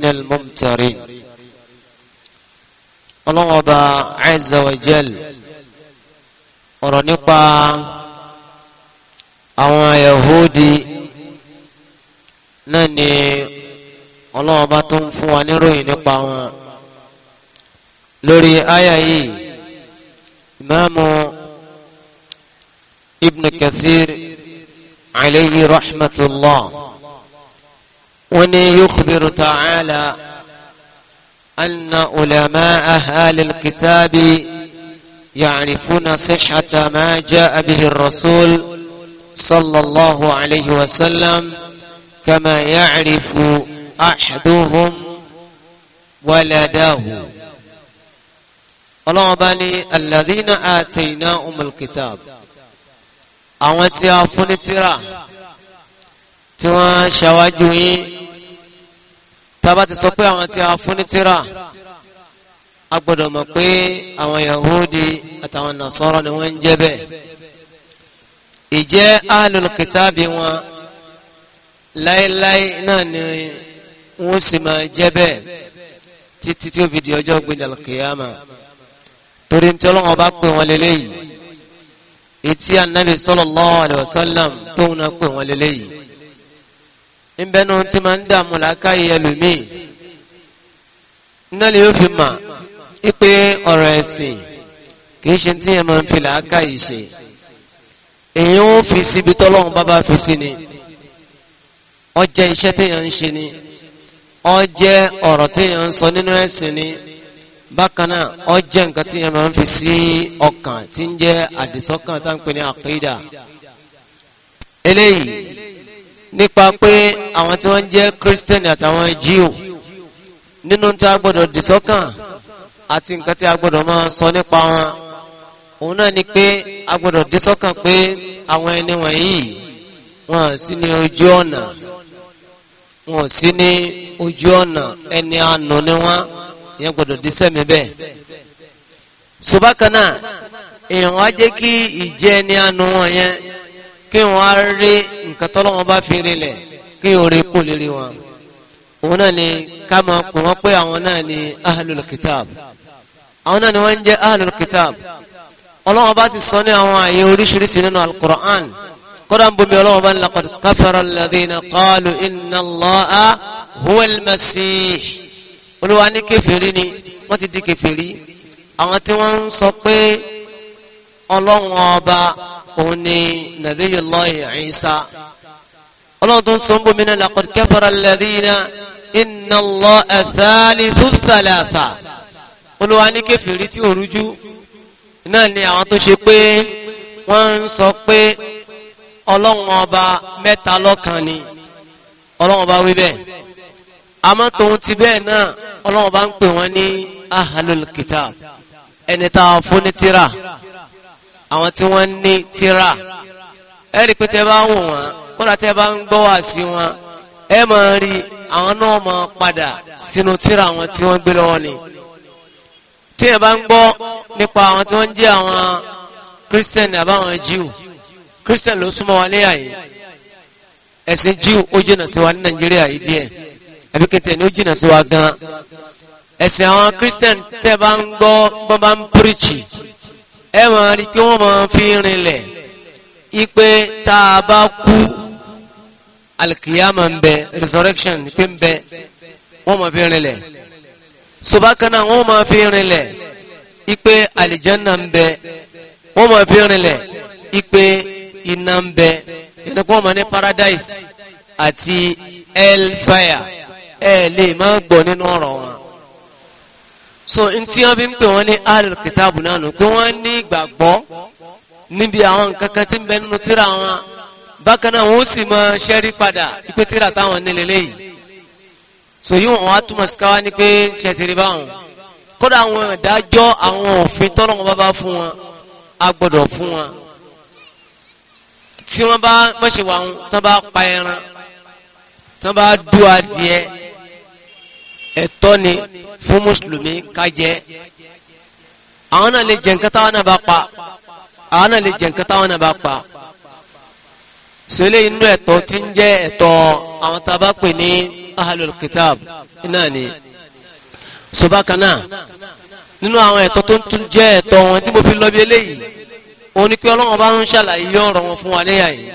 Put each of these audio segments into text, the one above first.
minal mumtarin ọlọ́wọ́n ọba azza wa jal ọ̀rọ̀ nípa àwọn yahudi náà ni ọlọ́wọ́n ọba tó ń fún wa níròyìn nípa wọn lórí àyà yìí ìmáàmù ibn kathir alayhi rahmatullah. وني يخبر تعالى أن علماء أهل الكتاب يعرفون صحة ما جاء به الرسول صلى الله عليه وسلم كما يعرف أحدهم ولداه الله بني الذين آتيناهم الكتاب àwọn tí a tába ti sọ pé àwọn tí a fún ní tíra a gbọ́dọ̀ mọ̀ pé àwọn yahudi àtàwọn nasara ni wọ́n ń jẹ́ bẹ́ẹ̀ ìjẹ́ ahlul kitabi wọn láéláé náà ni wọ́n sì máa jẹ́ bẹ́ẹ̀ títí tí ó fi di ọjọ́ gbẹdàlù kìyàmà torí tí ọlọ́wọ́n bá pè wọ́n lélẹ́yìí etí anabi sallallahu alaihi wasallam tóun náà pè wọ́n lélẹ́yìí nbẹnu tí ma ń dààmú làákà yẹ lómìn nílẹ̀ yóò fi mà ipe ọ̀rọ̀ ẹ̀sìn kì ṣe tí yẹn máa ń fi làákà yìí ṣe èyí ó fi síbi tọ́lọ́hún bá fi sí ni ọjẹ́ iṣẹ́ téèyàn ń ṣe ni ọjẹ́ ọ̀rọ̀ téèyàn ń sọ nínú ẹ̀sìn ni bákan náà ọjẹ́ nǹkan téèyàn máa ń fi sí ọkàn tí ń jẹ́ àdìsọ́kàn tá pè ní àkídà eléyìí nípa pé àwọn tí wọ́n jẹ́ Christian àtàwọn Jew nínú tí a gbọ́dọ̀ dìsọ́kàn àti nǹkan tí a gbọ́dọ̀ máa sọ nípa wọn òun náà ni pé a gbọ́dọ̀ dìsọ́kàn pé àwọn ẹni wọ̀nyí wọn sí ní ojú ọ̀nà wọn sí ní ojú ọ̀nà ẹni àánú ni wọn ìyẹn gbọ́dọ̀ dìsẹ́mi bẹ́ẹ̀ ṣùgbọ́n kan náà èèyàn wá jẹ́ kí ìjẹ́ ẹni àánú wọn yẹn kí wọn á rí nǹkan tọ́lọ́wọ́n bá fi rí lẹ̀ kí wọn rí kún lérí wọn. òun náà ni ká máa pè wọ́n pé àwọn náà ni ahlul kitab àwọn náà ni wọ́n ń jẹ́ ahlul kitab ọlọ́wọ́n bá ti sọ ní àwọn àyè oríṣiríṣi nínú alukur'an kódà ń bomi ọlọ́wọ́n bá ń laqad kafara alladhina qalu inna Allaha huwa olúwa ní kèfèrí ni wọ́n ti di kèfèrí àwọn tí wọ́n ń sọ pé ọlọ́wọ́n ọba òun ni nabiyullahi Isa ọlọ́run tó ń sọ ń bomi náà laqad kafara alladhina inna Allaha thalithu thalatha olúwa ní kèfèrí tí ò rújú náà ni àwọn tó ṣe pé wọ́n ń sọ pé ọlọ́run ọba mẹ́ta lọ́kan ni ọlọ́run ọba wí bẹ́ẹ̀ àmọ́ tòun ti bẹ́ẹ̀ náà ọlọ́run ọba ń pè wọ́n ní ahlul kitab ẹni tá a fún ní tírà àwọn tí wọ́n ní tíra ẹ rí i pé tẹ́ bá wò wọ́n kódà tẹ́ bá ń gbọ́ wá sí wọn ẹ máa rí àwọn náà máa padà sínú tíra àwọn tí wọ́n gbé lọ́wọ́ ni tí ẹ bá ń gbọ́ nípa àwọn tí wọ́n jẹ́ àwọn Christian àbáwọn Jew Christian ló súnmọ́ wa léyà yìí ẹ̀sìn Jew ó jìnnà sí wa ní Nàìjíríà yìí díẹ̀ àbí kẹtẹ ni ó jìnnà sí wa gan ẹ̀sìn àwọn Christian tẹ́ bá ń gbọ́ bọ́ bá ń píríkì ẹ mọ̀ rí pé wọ́n mọ̀ fi rinlẹ̀ ipe tá a bá kú alikiyama ń bẹ resurrection pé ń bẹ wọ́n mọ̀ fi rinlẹ̀ subakana wọ́n mọ̀ fi rinlẹ̀ ipe alijanna ń bẹ wọ́n mọ̀ fi rinlẹ̀ ipe iná ń bẹ yẹnni pé wọ́n ní paradise àti hellfire ẹ lè má gbọ́ nínú ọ̀rọ̀ wọn so ntí wọn bí ń pè wọn ní alil kitabu náà nù pé wọn ní ìgbàgbọ́ níbi àwọn nǹkan kan tí ń bẹ nínú tíra wọn bákan náà wọn ó sì máa ṣẹ́rí padà ipé tíra táwọn nílé léyìí so yíwọn wọn á túmọ̀ sí káwá ní pé ṣẹ̀tìrì báwọn kódà àwọn ìdájọ́ àwọn òfin tọ́lọ́wọ́n bá bá fún wọn a gbọ́dọ̀ fún wọn tí wọ́n bá mọ̀ṣẹ̀wà wọn tán bá pa ẹran tán bá dú adìẹ ẹ̀tọ́ ni fún mùsùlùmí ká jẹ àwọn náà lè jẹ nǹkan táwọn náà bá pa àwọn náà lè jẹ nǹkan táwọn náà bá pa sọlẹ̀ inú ẹ̀tọ́ tí ń jẹ́ ẹ̀tọ́ àwọn tá pè ní ahlul kitab náà ni subakana nínú àwọn ẹ̀tọ́ tó ń tún jẹ́ ẹ̀tọ́ wọn tí mo fi lọ eléyìí òun ni pé ọlọ́run bá ń ṣàlàyé ọ̀rọ̀ wọn fún wa níyà yìí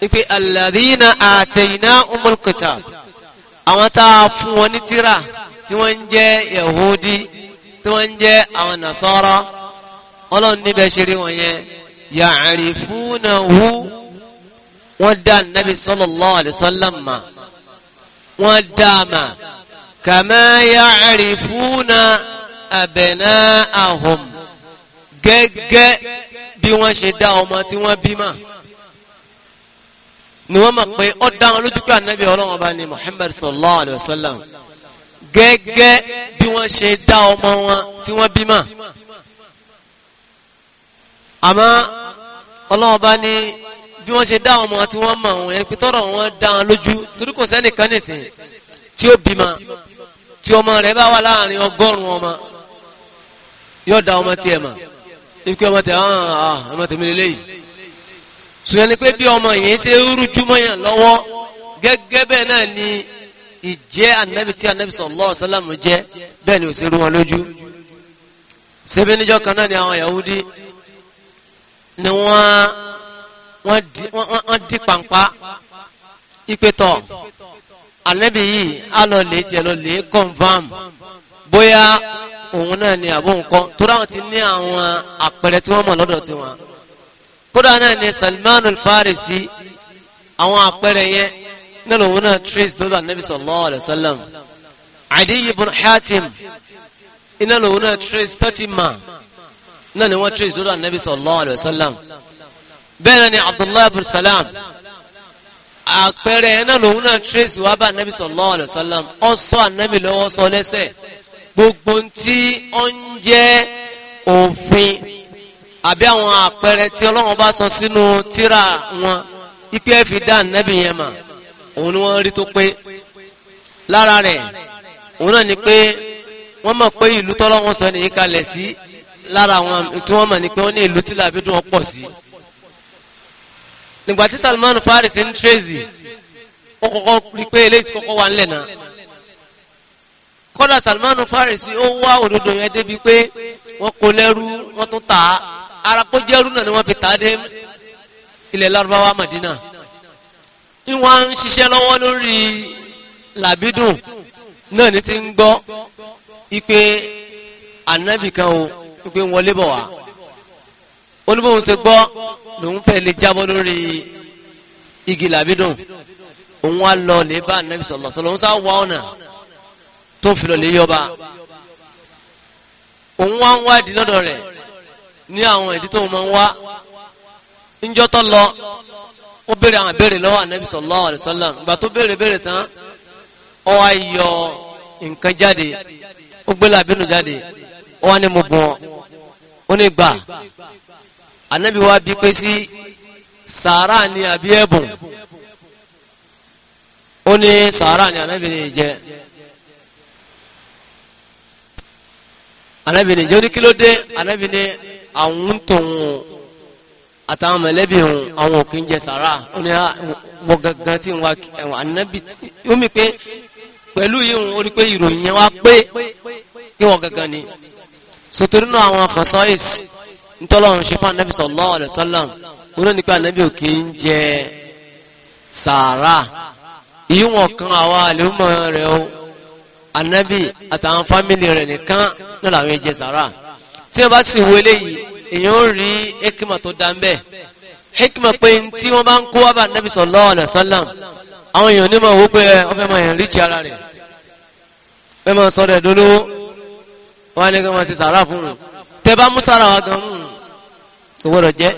ni pé alladhina atayna umul kitab àwọn tá a fún wọn ní tíra tí wọ́n ń jẹ́ yahudi tí wọ́n ń jẹ́ àwọn nasara ọlọ́run níbẹ̀ ṣe rí wọn yẹn ya'rifunahu wọ́n dá nabi sallallahu alayhi wa sallam ma wọ́n dá a ma kama ya'rifuna abna'ahum gẹ́gẹ́ bí wọ́n ṣe dá ọmọ tí wọ́n bí ma ni wọ́n mọ̀ pé ó dá wọn lójú pé ànábì ọlọ́run ọba ni Muhammad sallallahu alayhi wa sallam gẹ́gẹ́ bí wọ́n ṣe dá ọmọ wọn tí wọ́n bímọ. àmọ́ ọlọ́run ọba ni bí wọ́n ṣe dá ọmọ wọn tí wọ́n mọ̀ wọn ẹni pé tọ́rọ̀ wọn dá wọn lójú torí kò sẹ́nìkan nìsín tí ó bímọ tí ọmọ rẹ̀ bá wà láàrin ọgọ́rùn ọmọ yóò dá ọmọ tiẹ̀ mọ̀ ibi kí ọmọ tẹ̀ ọ́n ah, ah, ọmọ tẹ̀mí lélẹ́yìí sùnyẹn ni pé bí ọmọ yẹn ṣe ń rújúmọ́ yẹn lọ́wọ́ gẹ́gẹ́ bẹ́ẹ̀ náà ni ìjẹ́ anabi tí anabi sallallahu alaihi wasallam jẹ́ bẹ́ẹ̀ ni ò sí rú wọn lójú. ṣebí níjọ́ kan náà ni àwọn Yahudi ni wọ́n wọ́n di pàǹpá ìpètọ̀ anabi yìí alọ̀lẹ̀ tiẹ̀ lọ́lẹ̀ confam bóyá òun náà ni àbóǹkọ́ tó dáhùn ti ní àwọn àpẹẹrẹ tí wọ́n mọ̀ lọ́dọ̀ tiwọn kódà náà ni Salman al-Farisi àwọn àpẹẹrẹ yẹn nílò òun náà trace dọ́là nabi sallallahu alayhi wa sallam Adiy ibn Hatim iná lòun náà trace thirty ma náà ni wọ́n trace dọ́là nabi sallallahu alayhi wa sallam bẹ́ẹ̀ náà ni Abdullahi ibn Salam àpẹẹrẹ iná lòun náà trace wá bá nabi sallallahu alayhi wa sallam ó sọ sọ lẹ́sẹ̀ gbogbo ntí ó ń jẹ́ òfin àbí àwọn àpẹẹrẹ tí Ọlọ́run bá sọ sínú tírà wọn ipe ẹ̀ fi dá nẹ́bì yẹn mà òun ni wọ́n rí tó pé lára rẹ̀ òun náà ni pé wọ́n mọ̀ pé ìlú tọ́lọ́wọ́n sọ nìyí kalẹ̀ sí lára àwọn tí wọ́n mọ̀ ni pé wọ́n ní ìlú tí làbídùn wọn pọ̀ sí. nígbà tí Salman Faris ń tírèzì wọ́n kọ́kọ́ rí pé eléyìí ti kọ́kọ́ wà ńlẹ̀ náà kódà Salman Faris ó wá òdodo yẹn débi pé wọ́n kó lẹ́rú wọ́n tún tà á arakójẹ́ arúnà ni wọ́n fi tà á dé ilẹ̀ Lárúbáwá Madina ìwọ̀n à ń ṣiṣẹ́ lọ́wọ́ lórí làbídùn náà ní ti ń gbọ́ ipe ànábì kan o ipe ń wọlé bọ̀ wá oníbòhùn ṣe gbọ́ lòun fẹ́ lè jábọ́ lórí igi làbídùn òun á lọ lè bá ànábì sọ̀lọ̀ sọ̀lọ̀ òun sá wà ọ̀nà tó fi lọ lè yọba òun wá ń wá di lọ́dọ̀ rẹ̀ ní àwọn ìdí tó máa ń wá ńjọ́ tó lọ ó béèrè àwọn ìbéèrè lọ́wọ́ anabi sallallahu alayhi wa sallam ìgbà tó béèrè béèrè tán ó wá yọ nǹkan jáde ó gbé làbínú jáde ó wá ní mo bọ̀ ó ní gbà anabi wa bí pé sí sàárà ni àbí ẹ̀bùn ó ní sàárà ni anabi ni jẹ́. anabini joni kilo de anabini àwọn tóun àtàwọn mẹ̀lẹ́bí òun àwọn òkè ń jẹ sàrà ó ní wọ ah, gangan tí ń wa ànábì tí ó mi pé pẹ̀lú yìí òun ó pé ìròyìn yẹn wá pé kí wọ́n gangan ni sotori náà àwọn khasa'is ntọ́lọ́run ṣe fún ànábì sallallahu alaihi wasallam ó ní pé ànábì òkè ń jẹ sàrà ìyíwọ̀n kan àwa àlèmọ̀ rẹ̀ o ànábì àtàwọn fámìlì rẹ̀ nìkan náà làwọn jẹ sàrà tí wọ́n bá sì wọlé yìí èyàn ó rí hikima tó dá mbẹ hikima pé tí wọ́n bá ń kó wá bá nabi sallallahu alaihi àwọn èèyàn ní ma wò pé eh, ọfẹ́ máa yàn ríkì ara rẹ̀ ẹ máa sọ rẹ̀ dolówó wọ́n á ní kí wọ́n ti sàrà fún un tẹ́ bá mú sára wa gan mú un hmm, kò gbọ́dọ̀ jẹ́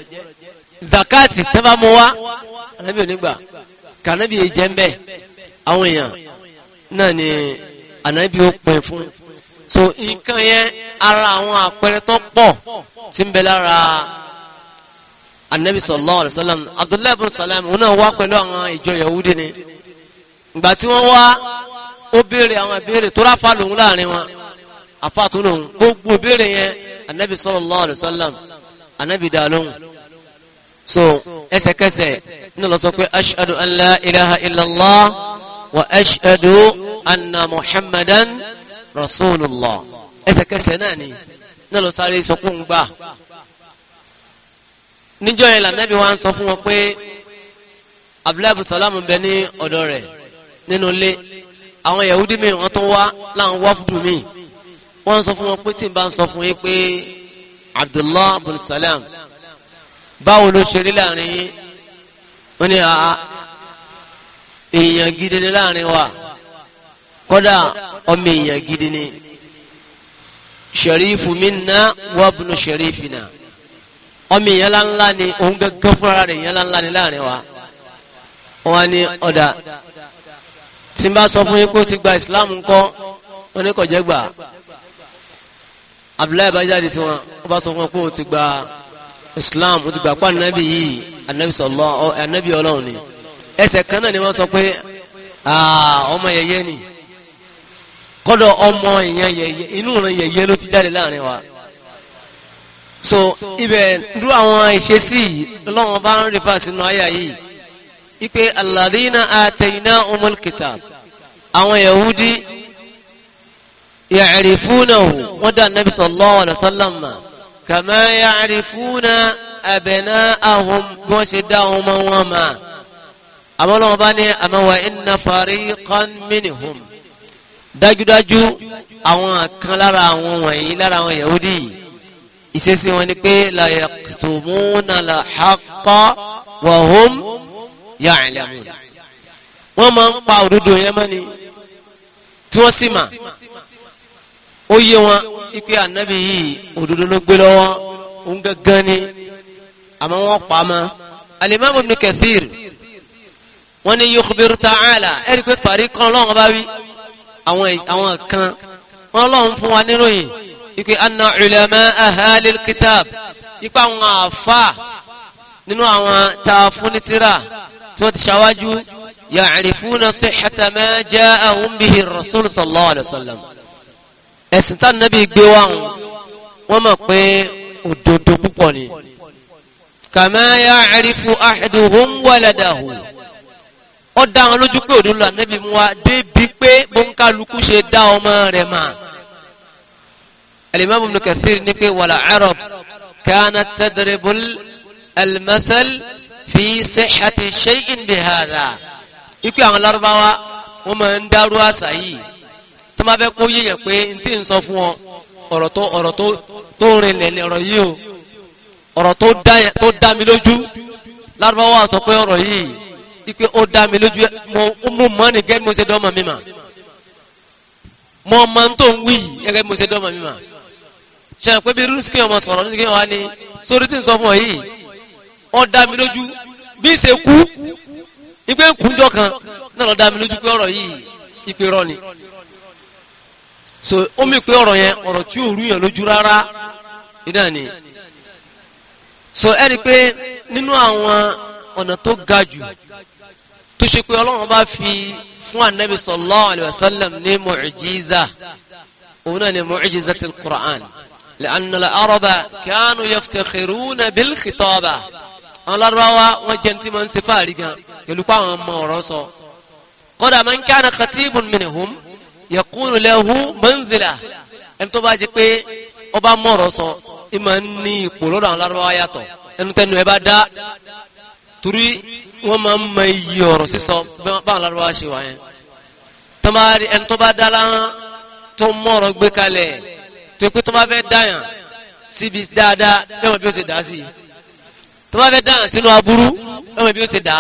zakati tẹ́ bá mú wa anabi onígbà kànábì yìí jẹ́ mbẹ́ àwọn èèyàn náà ni anabi ó pin fún un so nǹkan yẹn ara àwọn àpẹẹrẹ tó pọ̀ tí ń bẹ lára anabi sallallahu alayhi wa sallam abdullahi bin salam òun náà wá pẹ̀lú àwọn ìjọ yahudi ni ìgbà tí wọ́n wá ó béèrè àwọn ìbéèrè tó ráfa lòun láàrin wọn afa lòun gbogbo béèrè yẹn anabi sallallahu alayhi wa sallam anabi dá lóhùn so ẹsẹ̀kẹsẹ̀ ní lọ sọ pé ashadu an la ilaha illallah wa ashadu anna muhammadan rasulullah ẹsẹ̀kẹsẹ̀ náà ni náà ló sáré sọ pé ń gbà níjọ́ yẹn lànàbí wa ń sọ fún wọn pé abdullahi abu salam bẹ ní ọ̀dọ̀ rẹ̀ nínú ilé àwọn yahudi mi wọ́n tún wá láwọn wáfúdù mi wọ́n ń sọ fún wọn pé tí n bá ń sọ fún yín pé abdullahi abu salam báwo ló ṣe rí láàrin yín wọ́n ní èèyàn gidi ni láàrin wa kódà ọmọ èèyàn gidi ni sharifu minna wa ibnu sharifina ọmọ èèyàn ńláńlá ni òun gẹ́gẹ́ fúnra rẹ̀ èèyàn ńláńlá ni láàrin wa wọn ni ọ̀dà tí n bá sọ fún yín pé ó ti gba islam ńkọ́ wọn ní kọjá gbà abdullahi bá jáde sí wọn ó bá sọ fún wọn pé ó ti gba islam ó ti gbà pa anabi yìí anabi sọlọ anabi Ọlọ́run ni ẹsẹ̀ kan náà ni wọn sọ pé ọmọ yẹyẹ ni kọ́dọ̀ ọmọ èèyàn yẹ̀yẹ́ inú ìran yẹ̀yẹ́ ló ti jáde láàrin wa so ibẹ̀ dúró àwọn ìṣesí yìí lọ́wọ́n bá ń rí pàṣẹ nù àyà yìí ipe alladhina ataynahumul kitab àwọn yahudi ya'rifunahu wọ́n dá nabi sallallahu alaihi wasallam kama ya'rifuna abna'ahum bí wọ́n ṣe dá àwọn ọmọ wọn mà àmọ́ lọ́wọ́n bá ní àmọ́ wa inna fariqan minhum dájúdájú àwọn kan lára àwọn wọ̀nyí lára àwọn yahudi ìṣesí wọn ni pé la yaktumuna la haqqa wa hum ya'lamun wọ́n máa ń pa òdodo yẹn mọ́ ni tí wọ́n sì mà ó yé wọn ipe ànábì yìí òdodo ló gbé lọ́wọ́ ó ń gángan ni àmọ́ wọ́n pa á mọ́ alimami ibn kathir wọ́n ní yukhbir ta'ala ẹ̀rí pé parí kan lọ́wọ́ bá wí àwọn àwọn kan wọn lọ́n fún wa níròyìn ipe anna ulama ahalil kitab ipa àwọn àfa nínú àwọn taafunitira tí wọ́n ti ṣáwájú ya'rifuna sihhata ma ja'ahum bihi rasul sallallahu alayhi wa sallam ẹ̀sìn tá nàbí gbé wa wọ́n mọ̀ pé òdodo púpọ̀ ni kama ya'rifu ahaduhum waladahu ó dá wọn lójú pé òdodo ànábì mú wa débi pé bóńkálukú ṣe dá ọmọ rẹ̀ mà. alimami Ibn Kathir ní pé wàlà arab kanat tadribul almathal fi sihhati shay'in bihadha ikú àwọn Lárúbáwá wọn máa ń dárú àṣà yìí tó máa fẹ́ kó yíyan pé n tí ń sọ fún ọ ọ̀rọ̀ tó ọ̀rọ̀ tó rinlẹ̀ ni ọ̀rọ̀ yìí o ọ̀rọ̀ tó dá mi lójú Lárúbáwá sọ pé ọ̀rọ̀ yìí ipe ó dá mi lójú mo mú mọ́ ni gẹ́gẹ́ mo ṣe dọ́mọ mi mà mo mọ tó ń wí gẹ́gẹ́ mo ṣe dọ́mọ mi mà ṣe pé bí rúṣkì ọmọ sọ̀rọ̀ rúṣkì wa ni sórí tí n sọ fún ọ yìí ó dá mi lójú bí ṣe kú ipe ń kúnjọ kan náà ló dá mi lójú pé ọ̀rọ̀ yìí ipe rọ ni so ó mi pé ọ̀rọ̀ yẹn ọ̀rọ̀ tí ò rú yàn lójú rárá ìdáni so ẹni pé nínú àwọn ọ̀nà tó ga jù tó ṣe pé ọlọ́run bá fi fún anabi sallallahu alayhi wa sallam ní mu'jiza òun náà ni mu'jizatul qur'an لأن العرب كانوا يفتخرون بالخطابة الأربعة وجنت من سفارقا يلقوا أما ورسو قد من كان خطيب منهم يقول له منزلة أنت باجك بي أبا مرسو إما أني قولوا الأربعة ياتو أنت نبدا Turi wọ́n máa ń mọ iye ọ̀rọ̀ sísọ báwọn lárúbá ṣe wà yẹn tọ́mari ẹni tó bá dá láhán tó mọ̀ ọ̀rọ̀ gbé kalẹ̀ tó pé tó bá fẹ́ dáyàn síbi dáadáa bẹ́ẹ̀ mọ̀ bí ó ṣe dá sí i tó bá fẹ́ dáyàn sínú aburú bẹ́ẹ̀ mọ̀ bí ó ṣe dá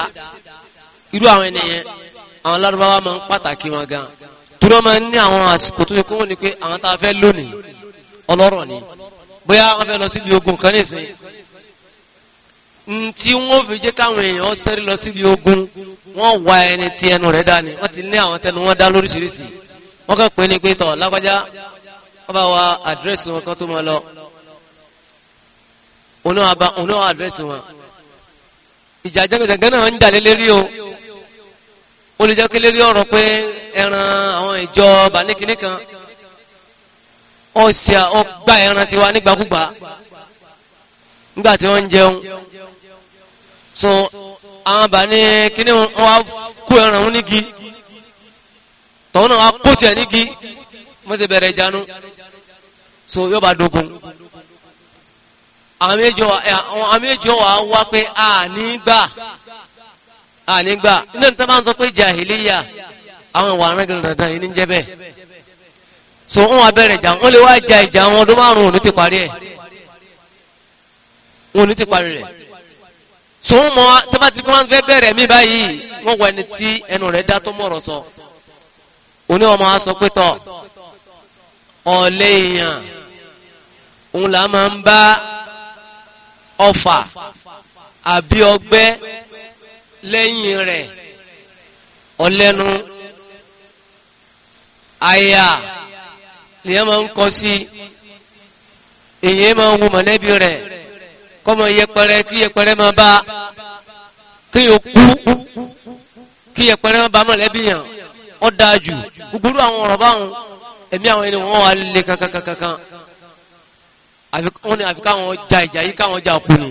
irú àwọn ènìyàn àwọn lárúbá wa ń pàtàkì wọn gan torí wọ́n ń ní àwọn àsìkò tó yẹ kó wọ́n ni pé àwọn tá a lónìí ọlọ́rọ̀ ni bóyá wọ́n fẹ́ lọ síbi ogun kan nísìnyí ntí wọn fi jẹ káwọn èèyàn sẹrí lọ síbi ogun wọn wá ẹni tí ẹnu rẹ̀ dání wọn ti ní àwọn tẹnu wọn dá lóríṣiríṣi wọn kàn pé ní pé tọ lágbájá wọn bá wa àdírẹ́sì wọn kan tó máa lọ ònà àbá ònà àdírẹ́sì wọn ìjà jẹgẹdẹgẹ náà ń jalè lérí o olùjẹ́kí lérí ọ̀rọ̀ pé ẹran àwọn ìjọ bàníkìní kan ọ̀sẹ̀ ọgbà ẹran tiwa nígbàkúgbà nígbà tí wọ́n ń jẹun so àwọn bà ní kíní wọn wá kó ẹran wọn nígi tọ́wọ́n náà wá kó tiẹ̀ nígi wọ́n ti bẹ̀rẹ̀ ìjánu so yóò bá dogun àwọn méjì wà wá pé ànígbà ànígbà iná níta máa ń sọ pé jàhìlíyà àwọn ìwà arángan dandan yìí ní jẹ́ bẹ́ẹ̀ so wọ́n wá bẹ̀rẹ̀ ìjà wọ́n lè wá ja ìjà wọn ọdún márùn-ún ò ti parí ẹ̀ wọn ti parí rẹ̀ sòun mọ tọ́mátì kí wọ́n fẹ́ bẹ̀rẹ̀ mí báyìí wọ́n wọ ẹni tí ẹnu rẹ̀ dá tó mọ̀rọ̀ sọ oní ọmọ wa sọ pé tọ ọ̀lẹ́ èèyàn òun là máa ń bá ọfà àbí ọgbẹ́ lẹ́yìn rẹ̀ ọlẹ́nu àyà lèyàn máa ń kọ sí èyàn máa ń wo mọ̀lẹ́bí rẹ̀ kọ́mọ yẹpẹrẹ kí yẹpẹrẹ máa bá kí yóò kú kí yẹpẹrẹ máa bá mọ̀lẹ́bí yàn ọ́ dáa jù gbogbo àwọn ọ̀rọ̀ báwọn ẹ̀mí àwọn ẹni wọ́n wà lé kankankankan wọ́n ní àfi ja ìjà yìí káwọn ja kú ni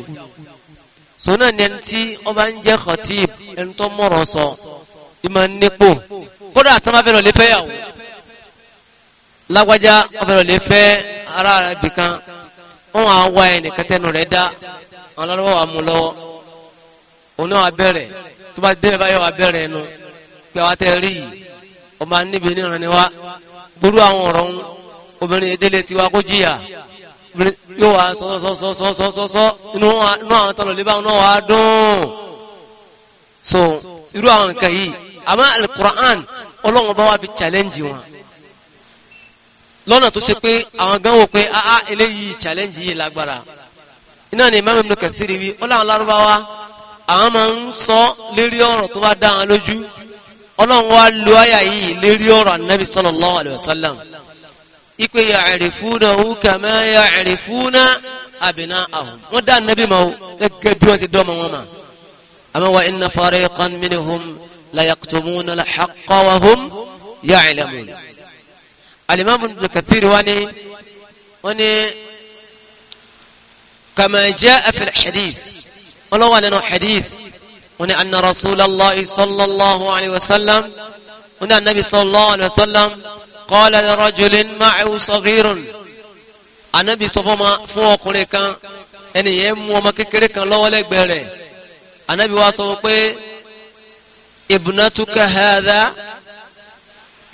sọ́nà ni ẹni tí wọ́n bá ń jẹ́ khatib ẹni tó mọ̀rọ̀ sọ ìmọ̀ máa fẹ́ lọ lé fẹ́ yàwó lágbájá ọ̀fẹ́ lọ lé fẹ́ ara rẹ̀ bìkan wọn wà wá ẹnìkan tẹnu rẹ̀ dá àwọn lọ́wọ́ wa mú lọ́wọ́ òun náà wà bẹ̀rẹ̀ tó bá dé báyọ̀ wà bẹ̀rẹ̀ ẹnu pé àwa tẹ rí yìí ọba níbi níran ni wá burú àwọn ọ̀rọ̀ ń obìnrin ìdílé tiwa kó jìyà yóò wá sọ́sọ́sọ́sọ́sọ́sọ́ inú àwọn tọ́lọ̀ lébà náà wà dùn so irú àwọn nǹkan yìí àmọ́ alukur'an ọlọ́run bá wà fi challenge wọn lọ́nà tó ṣe pé àwọn gan wo pé ah, ah eléyìí challenge yìí lágbára iná ni Imam Ibn Kathir wí ọlọ́run lárúbáwá àwọn máa ń sọ lérí ọ̀rọ̀ tó bá dá wọn lójú ọlọ́run wa lo àyà yìí lérí ọ̀rọ̀ anabi sallallahu alayhi wa sallam ipe ya'rifunahu kama ya'rifuna abna'ahum wọ́n dá anabi ma o gẹ́gẹ́ bí wọ́n ti dọ́ ma wọn ma àmọ́ wa inna fariqan minhum la yaqtumuna al-haqqa wa hum ya'lamun alimami ibn kathir wani wani kama jaa fi alhadith wala wala no hadith wani anna rasulullah sallallahu alaihi wasallam wani annabi sallallahu alaihi wasallam qala li rajulin ma'ahu saghirun anabi sofoma fún ọkùnrin kan ẹnìyẹn mú ọmọ kékeré kan lọ́wọ́ lẹ́gbẹ̀ẹ́ rẹ̀ anabi wa sọ pé ibnatuka hadha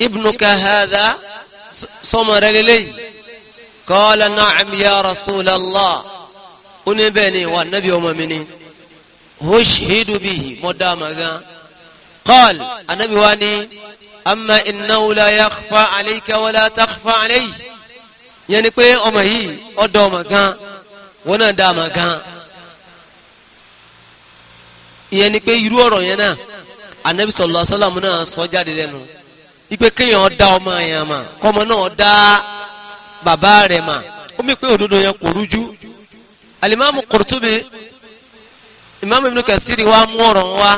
ibnuka hadha sọmọ rẹ lélẹ́yìí qala na'am ya rasulallah ó ní bẹ́ẹ̀ ni wà nábì ọmọ mi ni hushhidu bihi mọ́ dáama gan qala anábì wa ni amma innahu la yakhfa alayka wala takhfa alayhi yẹn ni pé ọmọ yìí ọ̀dọ̀ ọmọ gan wọn náà dáama gan yẹn pé irú ọ̀rọ̀ yẹn náà anabi sallallahu alaihi wasallam náà sọ jáde lẹ́nu ipe kéèyàn dá ọmọ yẹn mà kọ́mọ náà dá bàbá rẹ̀ mà ó mi pé òdodo yẹn kò rújú alimami Qurtubi imaamu Ibn Kathir wa mú ọ̀rọ̀ wa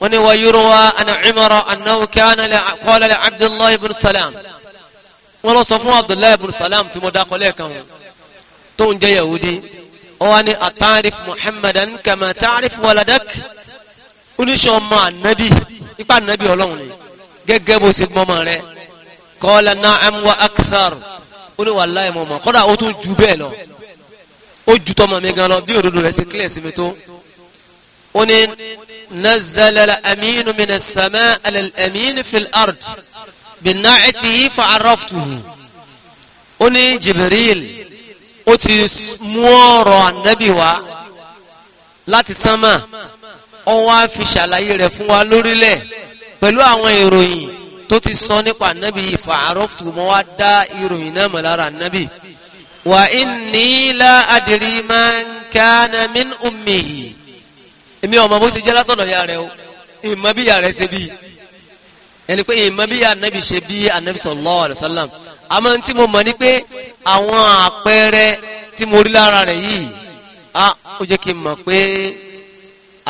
wọ́n ní wa yurwa ana Umara annahu kana qala li Abdullahi ibn Salam wọ́n lọ sọ Abdullahi ibn Salam tí mo dákọ̀ tó ń jẹ́ Yahudi ó wá Muhammadan kama tarif waladak oníṣẹ́ ọmọ anabi ipa anabi ọlọ́run ni gẹ́gẹ́ bó ṣe mọ́mọ́ rẹ kọ́lá na'am wa akthar ó ní wallahi mọ́mọ́ kọ́dà ó tún ju bẹ́ẹ̀ lọ ó ju tọmọ mi gan lọ bí òdodo rẹ ṣe kílẹ̀ sí mi tó ó ní nazzala aminu mina sama ala al fil ard bi na'atihi fa'araftuhu ó ní jibril ó ti mú ọ̀rọ̀ ànábì wá láti sánmà ó wá ṣàlàyé rẹ̀ fún wa lórílẹ̀ pẹ̀lú àwọn ìròyìn tó ti sọ nípa ànábì fàárọ̀tù mọ́ wá dá ìròyìn náà mọ̀ lára ànábì wà inni la adri man kana min ummihi èmi ọmọ bó ṣe jẹ́ látọ̀dọ̀ ya rẹ o ìmọ̀ bí ya rẹ ṣe bí ẹni pé ìmọ̀ bí ya ànábì ṣe bí ànábì sallallahu alaihi àmọ́ tí mo mọ̀ ni pé àwọn àpẹẹrẹ tí mo rí lára rẹ̀ yìí ó jẹ́ kí n mọ̀ pé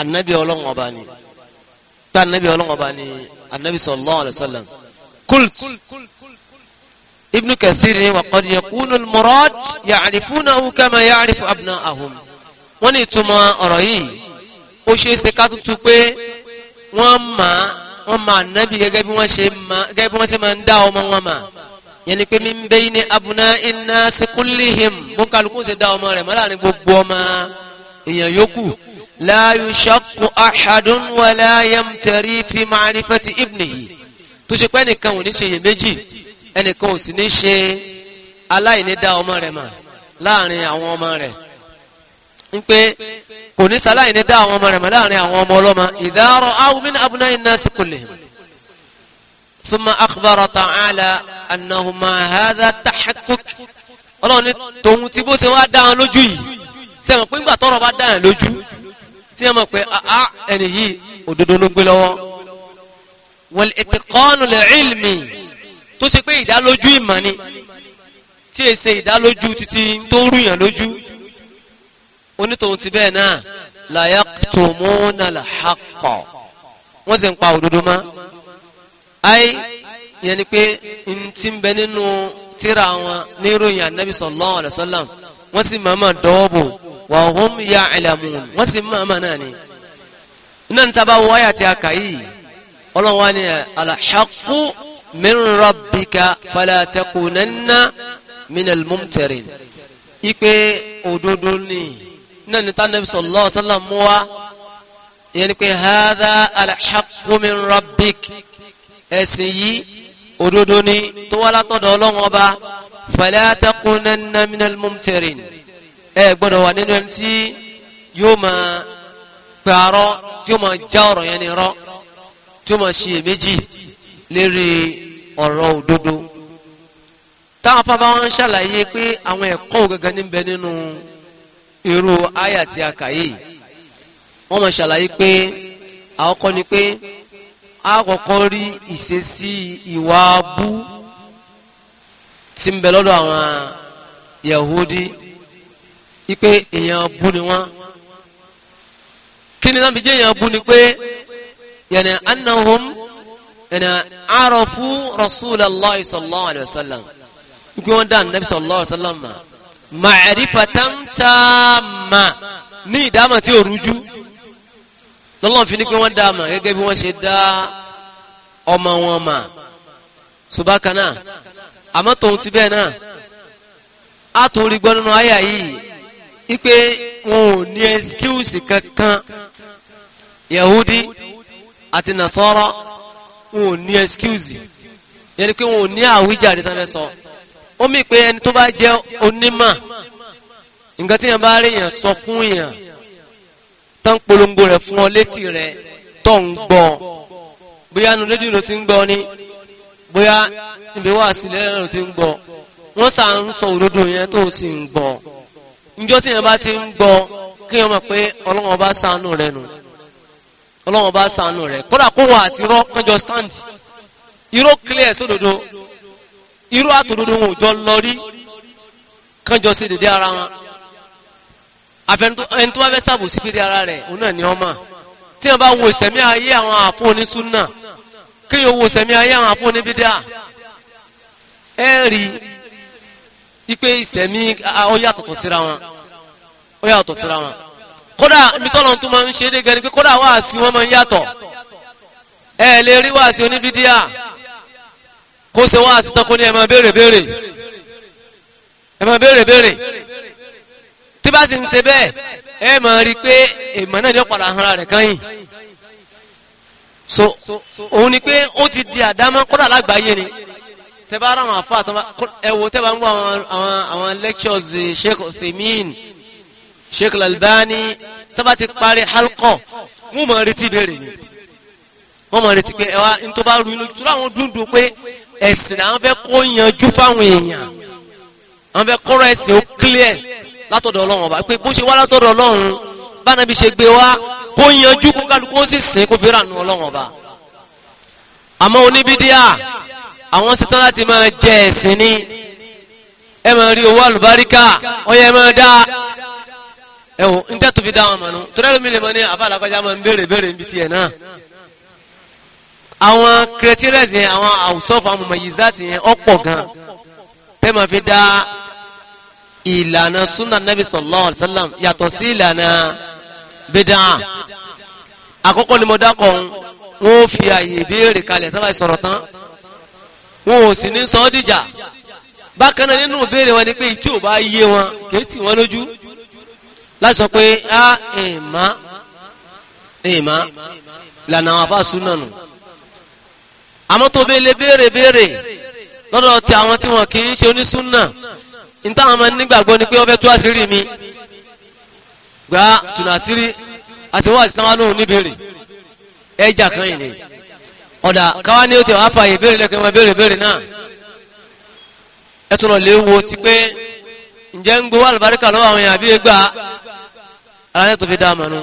ànábì ọlọ́run ọba ni pé anabi ọlọ́wọ́n bá ní anabi sallallahu alayhi wa sallam kult ibnu kathir ni waqad yakunu al-murad ya'rifunahu kama ya'rifu abna'ahum wọ́n ní ìtumọ̀ ọ̀rọ̀ yìí ó ṣe é ṣe ká tuntun pé wọ́n mà wọ́n mà nábì gẹ́gẹ́ bí wọ́n ṣe mà gẹ́gẹ́ bí wọ́n ṣe máa ń dá ọmọ wọn mà yẹn ni pé min bayni abna'in nas kullihim bó kálukú ṣe dá ọmọ rẹ̀ mọ́ láàrin gbogbo ọmọ èèyàn yòókù لا يشق أحد ولا يمتري في معرفة ابنه tó ṣe pé ẹnìkan ò ní ṣe iyèméjì ẹnìkan ò sì ní ṣe aláìní dá ọmọ rẹ̀ mọ̀ láàrin àwọn ọmọ rẹ̀ ń pé kò ní ṣaláìní dá àwọn ọmọ rẹ̀ mọ̀ láàrin àwọn ọmọ ọlọ́mọ إذا رأوا من أبناء الناس كلهم ثم أخبر تعالى أنه مع هذا التحقق ọlọ́run ní tòun ti bó ṣe wá dá wọn lójú yìí sẹ́wọ̀n pé ńgbà tọ́rọ̀ bá dá yẹn lójú tí wọ́n mọ̀ pé a ah, ah, ẹni yìí òdodo ló gbé lọ́wọ́ wal itqanu lil ilmi tó ṣe pé ìdálójú ìmọ̀ ni tí è ṣe ìdálójú títí tó ń rúyàn lójú onítòun ti bẹ́ẹ̀ náà la yaktumuna al haqqa wọ́n sì ń pa òdodo mọ́ ayé ìyẹn pé ntí ń bẹ nínú tíra wọn ní ìròyìn anabi sallallahu alaihi wasallam wọ́n sì máa ma dọ́ọ̀bù wà hum ya'lamun wọ́n sì máa ma náà ni iná ní taba wáyà tí a kà yìí ọlọ́run wa ni alhaqqu min rabbika fala takunanna min almumtarin ipe òdodo ni iná ní tanabi sallallahu alaihi wasallam mú wa ìyẹn ni pé hadha alhaqqu min ẹ̀sìn yìí òdodo ni tó wá látọ̀dọ̀ ọlọ́run ọba fala takunanna minal mumtirin ẹ gbọ́dọ̀ wà nínú ẹni tí yóò máa gbàrọ tí yóò máa já ọ̀rọ̀ yẹn ni rọ tí yóò máa ṣiyèméjì lérí ọ̀rọ̀ òdodo táwọn afábá wọn ṣàlàyé pé àwọn ẹ̀kọ́ gangan níbẹ̀ nínú irú àyà tí a wọn máa ṣàlàyé pé àkọ́kọ́ ni pé àkọ́kọ́ rí ìṣesí ìwà bú tí ń bẹ lọ́dọ̀ àwọn Yahudi ipe èèyàn bú ni wọ́n kí ni láti jẹ́ èèyàn bú ni pé yẹnì anahum yẹnì arafu rasulallah sallallahu alayhi wa sallam ipe wọ́n dá anabi sallallahu alayhi wa sallam ma ma'rifatan tamma ní ìdámọ̀ tí ò rújú lọ́lọ́n fi ní pé wọ́n dá àmà gẹ́gẹ́ bí wọ́n ṣe dá ọmọ wọn mà subakana àmọ́ ohun ti bẹ́ẹ̀ náà a tún rí gbọ́ nínú àyà yìí wọn kankan yahudi àti nasara wọn ò ní ẹsikíwùsì ni pé wọn ò ní àwíjàre tán fẹ́ sọ ó pé ẹni tó bá jẹ́ onímọ̀ nǹkan tí yẹn bá rí yẹn sọ fún yẹn tán polongo re fún ọ létí rẹ̀ tó ń bóyá nu ló ti ń ni. bóyá níbi wà sílẹ̀ ẹ̀rọ ti ń gbọ́ wọ́n sà ń sọ òdodo yẹn tó sì ń gbọ́ njọ́ tí yẹn bá ti ń gbọ́ kí wọ́n mọ̀ pé ọlọ́wọ́n bá sànù rẹ̀ nù ọlọ́wọ́n bá sànù rẹ̀ kódà kó wà àti rọ́ kánjọ stand irọ́ clear sódodo irọ́ àtòdodo wọn ò jọ lọ rí kánjọ sí dédé ara wọn ẹni tó bá fẹ́ sàbòsí fìdí ara rẹ̀ òun náà ni ọmọ tí wọ́n bá wo ìsẹ̀mí ayé àwọn àfọ̀ onísùn kí owó sẹ̀mí ayé àwọn afúnibídà ẹ rí ipe ìsẹ̀mí ó yàtọ̀tọ̀ síra wọn ó yàtọ̀ síra wọn kódà ibi tọ́lọ̀ tó máa ń ṣe é dégẹ́ ni pé kódà wáàsí wọn máa ń yàtọ̀ ẹ lè rí wáàsí oníbídíà kó ṣe wáàsí tán kó ní ẹ máa béèrè béèrè ẹ máa béèrè béèrè tí bá sì ń ṣe bẹ́ẹ̀ ẹ máa rí i pé èèmọ̀ náà ní ọ̀pọ̀lọpọ̀ ahọ́n rẹ̀ kan yìí so òun ni pé ó ti di àdámọ́ kódà lágbàáyé ni tẹ́bá ara àwọn àfa ẹ̀wò tẹ́bá ń bọ́ àwọn lectures eh, sheikh Uthaymeen sheikh Al-Albani tẹ́bá ti parí halkọ́ wọ́n mọ̀ retí ìbéèrè ni wọ́n mọ̀ retí pé ẹ̀wá ní tó bá ru inú tó láwọn dúndùn pé ẹ̀sìn àwọn fẹ́ kó yanjú fáwọn èèyàn àwọn fẹ́ kọ́rọ̀ ẹ̀sìn ó clear látọ̀dọ̀ Ọlọ́run ọba pé bó ṣe wá látọ̀dọ̀ Ọlọ́run bá nàbí ṣe gbé wá kó yanjú kó kálukú ó sì sìn kó fi rà nù ọlọ́run ọba àmọ́ oníbídíà àwọn ṣetán láti máa jẹ ẹ̀sìn ni ẹ máa rí owó àlùbáríkà ọyẹ máa dá ẹ wò ń tẹ́tù fi dá wọn mọ̀nú torí ẹlòmí lè mọ ní abálagbájá máa ń béèrè béèrè níbi tiẹ̀ náà àwọn kìrẹtìrẹs yẹn àwọn àwùsọ̀fọ̀ àwọn yẹn ọ̀pọ̀ gan tẹ́ máa fi dá ìlànà sunnah nabi sallallahu alayhi sallam yàtọ̀ sí ìlànà bídà àkọ́kọ́ ni mo dákọ̀ ń wọ́n ó fi àyè ìbéèrè kalẹ̀ tó bá sọ̀rọ̀ tán wọn ò sì ní sọ ọ́ dìjà bákan náà nínú ìbéèrè wọn ni pé tí ò bá yé wọn kìí tì wọn lójú láti pé á ìmá ìmá lànà àwọn afáàsù náà nù àmọ́ béèrè béèrè lọ́dọ̀ ti àwọn tí wọn kì í ṣe onísùnnà ní táwọn máa nígbàgbọ́ ni pé ó fẹ́ tú àṣírí mi gbà tùnà àṣírí àtiwọ́ àti táwọn níbèrè ẹjà kan yìí ni ọ̀dà káwá ní ó ti wá fààyè béèrè lẹ́kẹ̀ẹ́ wọn béèrè béèrè náà ẹtùnà lè wo ti pé ǹjẹ́ ń gbowó àlùbáríkà lọ́wọ́ àwọn èèyàn àbí ẹgbà ara ní tó fi dáa mọ̀nú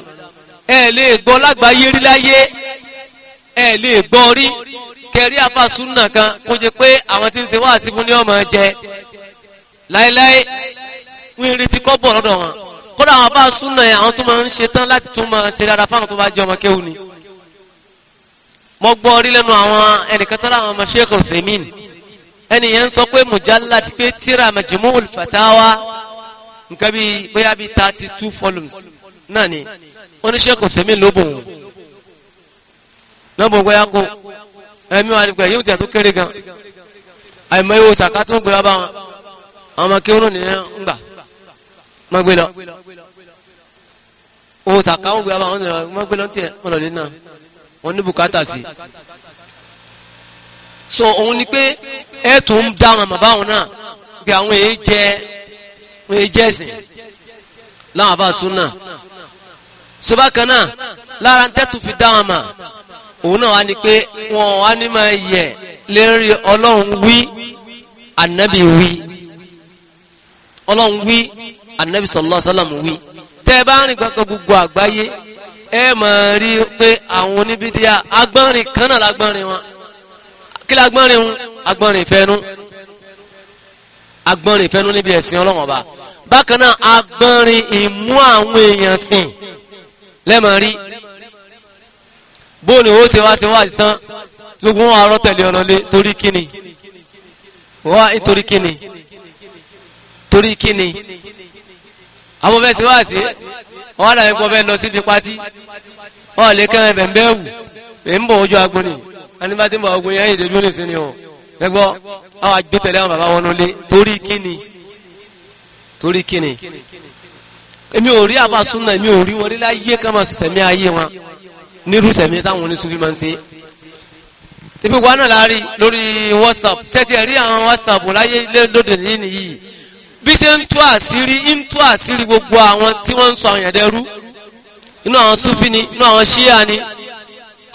ẹ lè gbọ́ lágbàáyé rí láyé ẹ lè gbọ́ rí kẹrí àfàsúnà kan kó jẹ pé àwọn tí ń ṣe wáàsí fún ní ọmọ jẹ láéláé wíńrí ti kọ́ bọ̀ lọ́dọ̀ wọn kódà àwọn bá súnà yẹn àwọn tó máa ń ṣe tán láti tún máa ṣe dáadáa fáwọn tó bá jẹ́ ọmọ kéwù ni mo gbọ́ rí lẹ́nu àwọn ẹnìkan tó láwọn ọmọ sheikh osemin ẹni yẹn ń sọ pé mujalla ti pé tírà majmu'ul fatawa nǹkan bíi bóyá bíi thirty two volumes náà ni wọ́n ní sheikh osemin ló bò wọ́n náà bò gbọ́yà kó ẹ̀mí wa ni pé yóò tẹ̀ tó kéré gan àìmọ́ ìwòsàn ká tó ń gbé wá bá wọn àwọn ọmọ kéwù nìyẹn ń gbà má gbé lọ o sàkà wọn gbé àwọn ọ̀nà má gbé lọ tiẹ̀ wọn lọ lé náà wọn ní bùkátà sí so òun ni pé ẹ tó ń dá àwọn bàbá wọn náà bí àwọn èyí jẹ wọn èyí jẹ ẹsìn láwọn àbá súnà soba kan náà lára ń tẹ́tù fi dá wọn mà òun náà wá ní pé wọn wá ní máa yẹ lérí ọlọ́run wí ànábì wí ọlọ́run wí anabi sallallahu alaihi wasallam wí tẹ́ bá ń rìn kankan gbogbo àgbáyé ẹ máa rí pé àwọn oníbídíà agbọ́nrin kan náà lágbọ́nrin wọn kí lágbọ́nrin wọn agbọ́nrin ìfẹ́nu agbọ́nrin ìfẹ́nu níbi ẹ̀sìn ọlọ́wọ́n ọba bákan náà agbọ́nrin ìmú àwọn èèyàn sìn lẹ́mọ̀ rí bóòlù ó ṣe wá ṣe wá ìsán gbogbo wọn arọ tẹ̀lé ọ̀nà lé torí kíni wá nítorí kíni torí kíni àwọn fẹ́ ṣe wá sí wọn wá dàbí pọ̀ fẹ́ lọ síbi pátí wọn lè kẹ́rin bẹ̀ ń bẹ́ wù èyí ń bọ̀ ojú agbo ni ẹni bá ti ń bọ̀ ogun yẹn ìdè dúró nìsín ni o ẹgbọ́ àwọn àjò tẹ̀lé àwọn bàbá wọn lé torí kíni torí kíni èmi ò rí àbá súnà èmi ò rí wọn nílá yé ká máa sẹ̀mí ayé wọn nírú sẹ̀mí táwọn oníṣúfì máa ń ṣe ibi wa náà la rí lórí whatsapp ṣé ti rí àwọn whatsapp láyé lóde nìyí bí ṣe ń tú àṣírí ń tú àṣírí gbogbo àwọn tí wọ́n ń sọ àwọn ẹ̀dẹ́ rú inú àwọn súfì ni inú àwọn ṣíà ni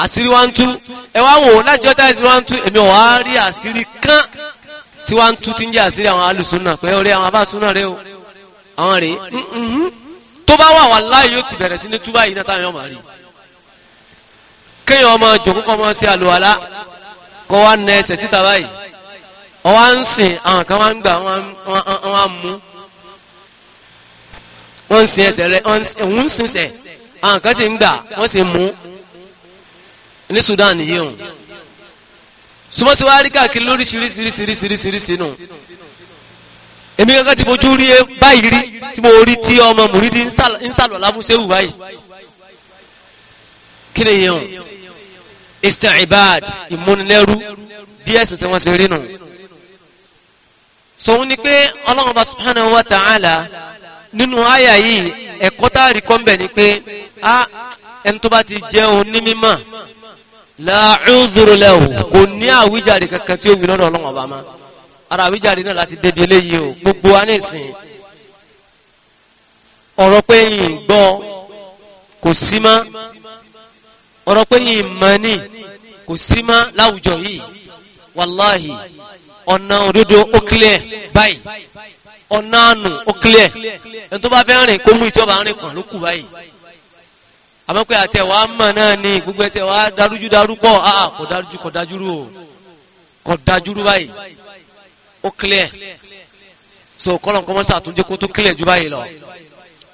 àṣírí wá ń tú ẹ wá wò láti jọ́tà àṣírí wá ń tú èmi ò wá rí àṣírí kán tí wá ń tú ti ń jẹ́ àṣírí àwọn alùsùnà pé orí àwọn abáṣúnà rẹ o àwọn rèé tó bá wà wà láàyè yóò ti bẹ̀rẹ̀ sí ní túbà yìí náà táwọn ọmọ rí kéèyàn ọmọ jòkó kọ́ ọmọ sí àlùwàlá kọ́ wá nà ọwọ́ à ń sìn àwọn kan wá ń gbà wọ́n á mú wọ́n ń sin ẹsẹ̀ rẹ̀ òun ń sin sẹ̀ àwọn kan sì ń gbà wọ́n sì mú ní Sudan yìí o sumasi wa rí káàkiri lóríṣiríṣiríṣiríṣiríṣi nù èmi kankan ti fojú rí e báyìí rí tí mo rí tí ọmọ mùrídìí ń sàlọ̀ lámúṣẹ́wù báyìí kí ni yẹn o ìsìtàn ìbáàd ìmúnilẹ́rú bí ẹ̀sìn tí wọ́n ṣe rí nù sọ̀hún ni pé ọlọ́run bá subhanahu wa ta'ala nínú àyà yìí ẹ̀kọ́ tá a rí kọ́ńbẹ̀ ni pé a ẹni tó bá ti jẹ́ onímọ̀ la uzuru lahu kò ní àwíjàre kankan tí ó wí lọ́dọ̀ ọlọ́run ọba ma ara àwíjàre náà láti débi eléyìí o gbogbo wa nísìn ọ̀rọ̀ pé yìí gbọ́ kò sí mọ́ ọ̀rọ̀ pé yìí mọ́ ni kò sí mọ́ láwùjọ yìí wàláhì ọ̀nà òdodo ó clear báyìí ọ̀nà àánú ó clear ẹni tó bá fẹ́ rìn kó mú ìtọ́ba rìn kàn ló kù báyìí àmọ́ pé àtẹ̀wá mọ̀ náà ni gbogbo ẹ̀tẹ̀wá darújú darúpọ̀ àà kò darújú kò dájúrú o kò dájúrú báyìí ó clear so kọ́lọ̀ kọ́mọ́ sàtúnjẹ́ kó tó clear ju báyìí lọ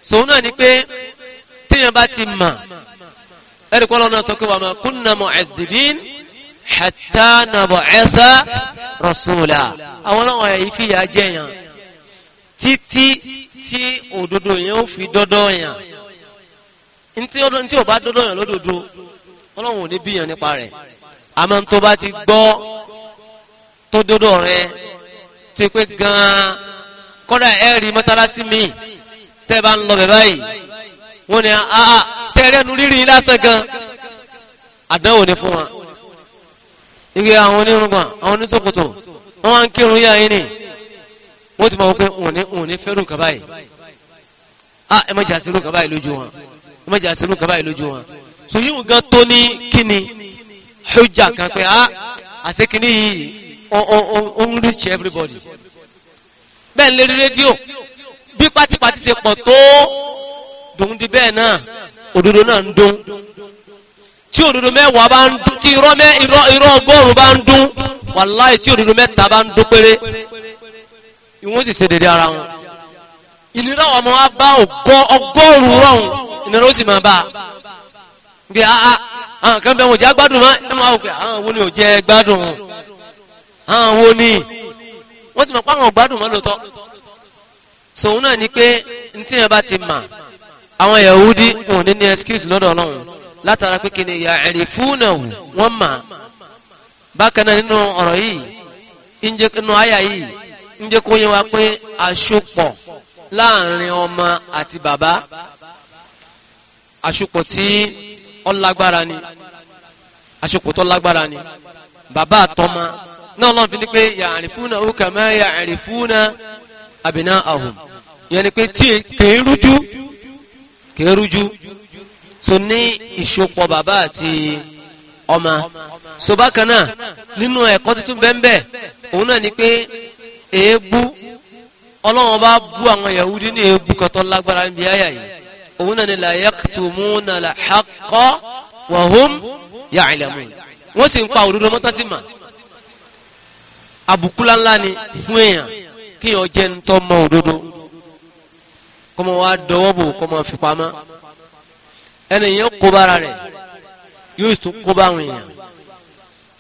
so náà ni pé téèyàn bá ti mọ̀ ẹ̀rí kọ́lọ̀ náà sọ pé wàá mọ̀ kúnnà mu'adhdhibin hatta nab'atha rasula àwọn ọlọ́wọ́ yẹn ìfìyà jẹ yàn títí tí òdodo yẹn ó fi dọ́dọ́ yàn ntí ò bá dọ́dọ́ yàn lódodo ọlọ́wọ́ ò ní bí yàn nípa rẹ̀ àmọ́ tó bá ti gbọ́ tó dọ́dọ̀ rẹ̀ tó pé gan-an kọ́dà ẹ̀ rí mọ́sálásí mi tẹ́ bá ń lọ bẹ̀ báyìí wọ́n ní àá sẹ́rẹ́nu rírì lásán gan àdánwò ni fún wa ibi àwọn onírùngbọ̀n àwọn oníṣòkòtò wọ́n wá ń kírun yá yín ni wọ́n ti mọ̀ wọ́n pé òun ní òun ní fẹ́rù kaba yìí a ah, ẹ má jàsírù kaba yìí lójú wọn ẹ má jàsírù kaba yìí lójú wọn so yíwùn gan tó ní kíni hujja kan pé a ah, àṣekínní yìí ó ń reach everybody bẹ́ẹ̀ ń lérí rédíò bí pátipáti ṣe pọ̀ tó dòun di bẹ́ẹ̀ náà òdodo náà ń dún tí òdodo mẹ́wàá bá ń dún tí irọ́ mẹ́ irọ́ irọ́ ọgọ́rùn bá ń dún wàláì tí òdodo mẹ́ta bá ń dún péré ìwọ́n sì ṣe dédé ara wọn. ìnira ọmọ wa bá ọgọ́ ọgọ́rùn rọrùn ìnira ó sì máa bá a. bí a àwọn kan bẹ wọn jẹ agbádùn mọ ẹ máa wò pé àwọn wo ni ò jẹ gbádùn àwọn wo ni wọn ti mọ pé àwọn gbádùn mọ lóòótọ́. sòun náà ni pé ntí bá ti mà àwọn Yahudi kò ní ní excuse lọ́dọ̀ Ọlọ́run látara pé kí ni ya'rifunahu wọ́n mà bákan náà nínú ọ̀rọ̀ yìí ńjẹ́ nínú àyà yìí ńjẹ́ kó yẹ wa pé àṣopọ̀ láàrin ọmọ àti bàbá àṣopọ̀ tí ó lágbára ni àṣopọ̀ tó lágbára ni bàbá àtọ́mọ náà lọ́n fi ní pé ya'rifunahu kama ya'rifuna abina'ahum yẹn ni pé tí kèé rújú kèé rújú so ní ìṣopọ̀ bàbá àti ọmọ so bákan náà nínú ẹ̀kọ́ tuntun bẹ́ẹ̀ òun náà ni pé èébú ọlọ́run bá bú àwọn Yahudi ní èébú kan tó lágbára níbi àyà yìí òun náà ni la yaktumuna la haqqa wa hum ya'lamun wọ́n sì ń pa òdodo mọ́tàsí mà àbùkúlá ńlá ni fún èèyàn kí èèyàn jẹ́ ń tọ́ mọ òdodo kọ́mọ wa dọwọ́ bò kọ́mọ fipamọ́ ẹnìyàn kó bára rẹ̀ yóò tún kó bá àwọn èèyàn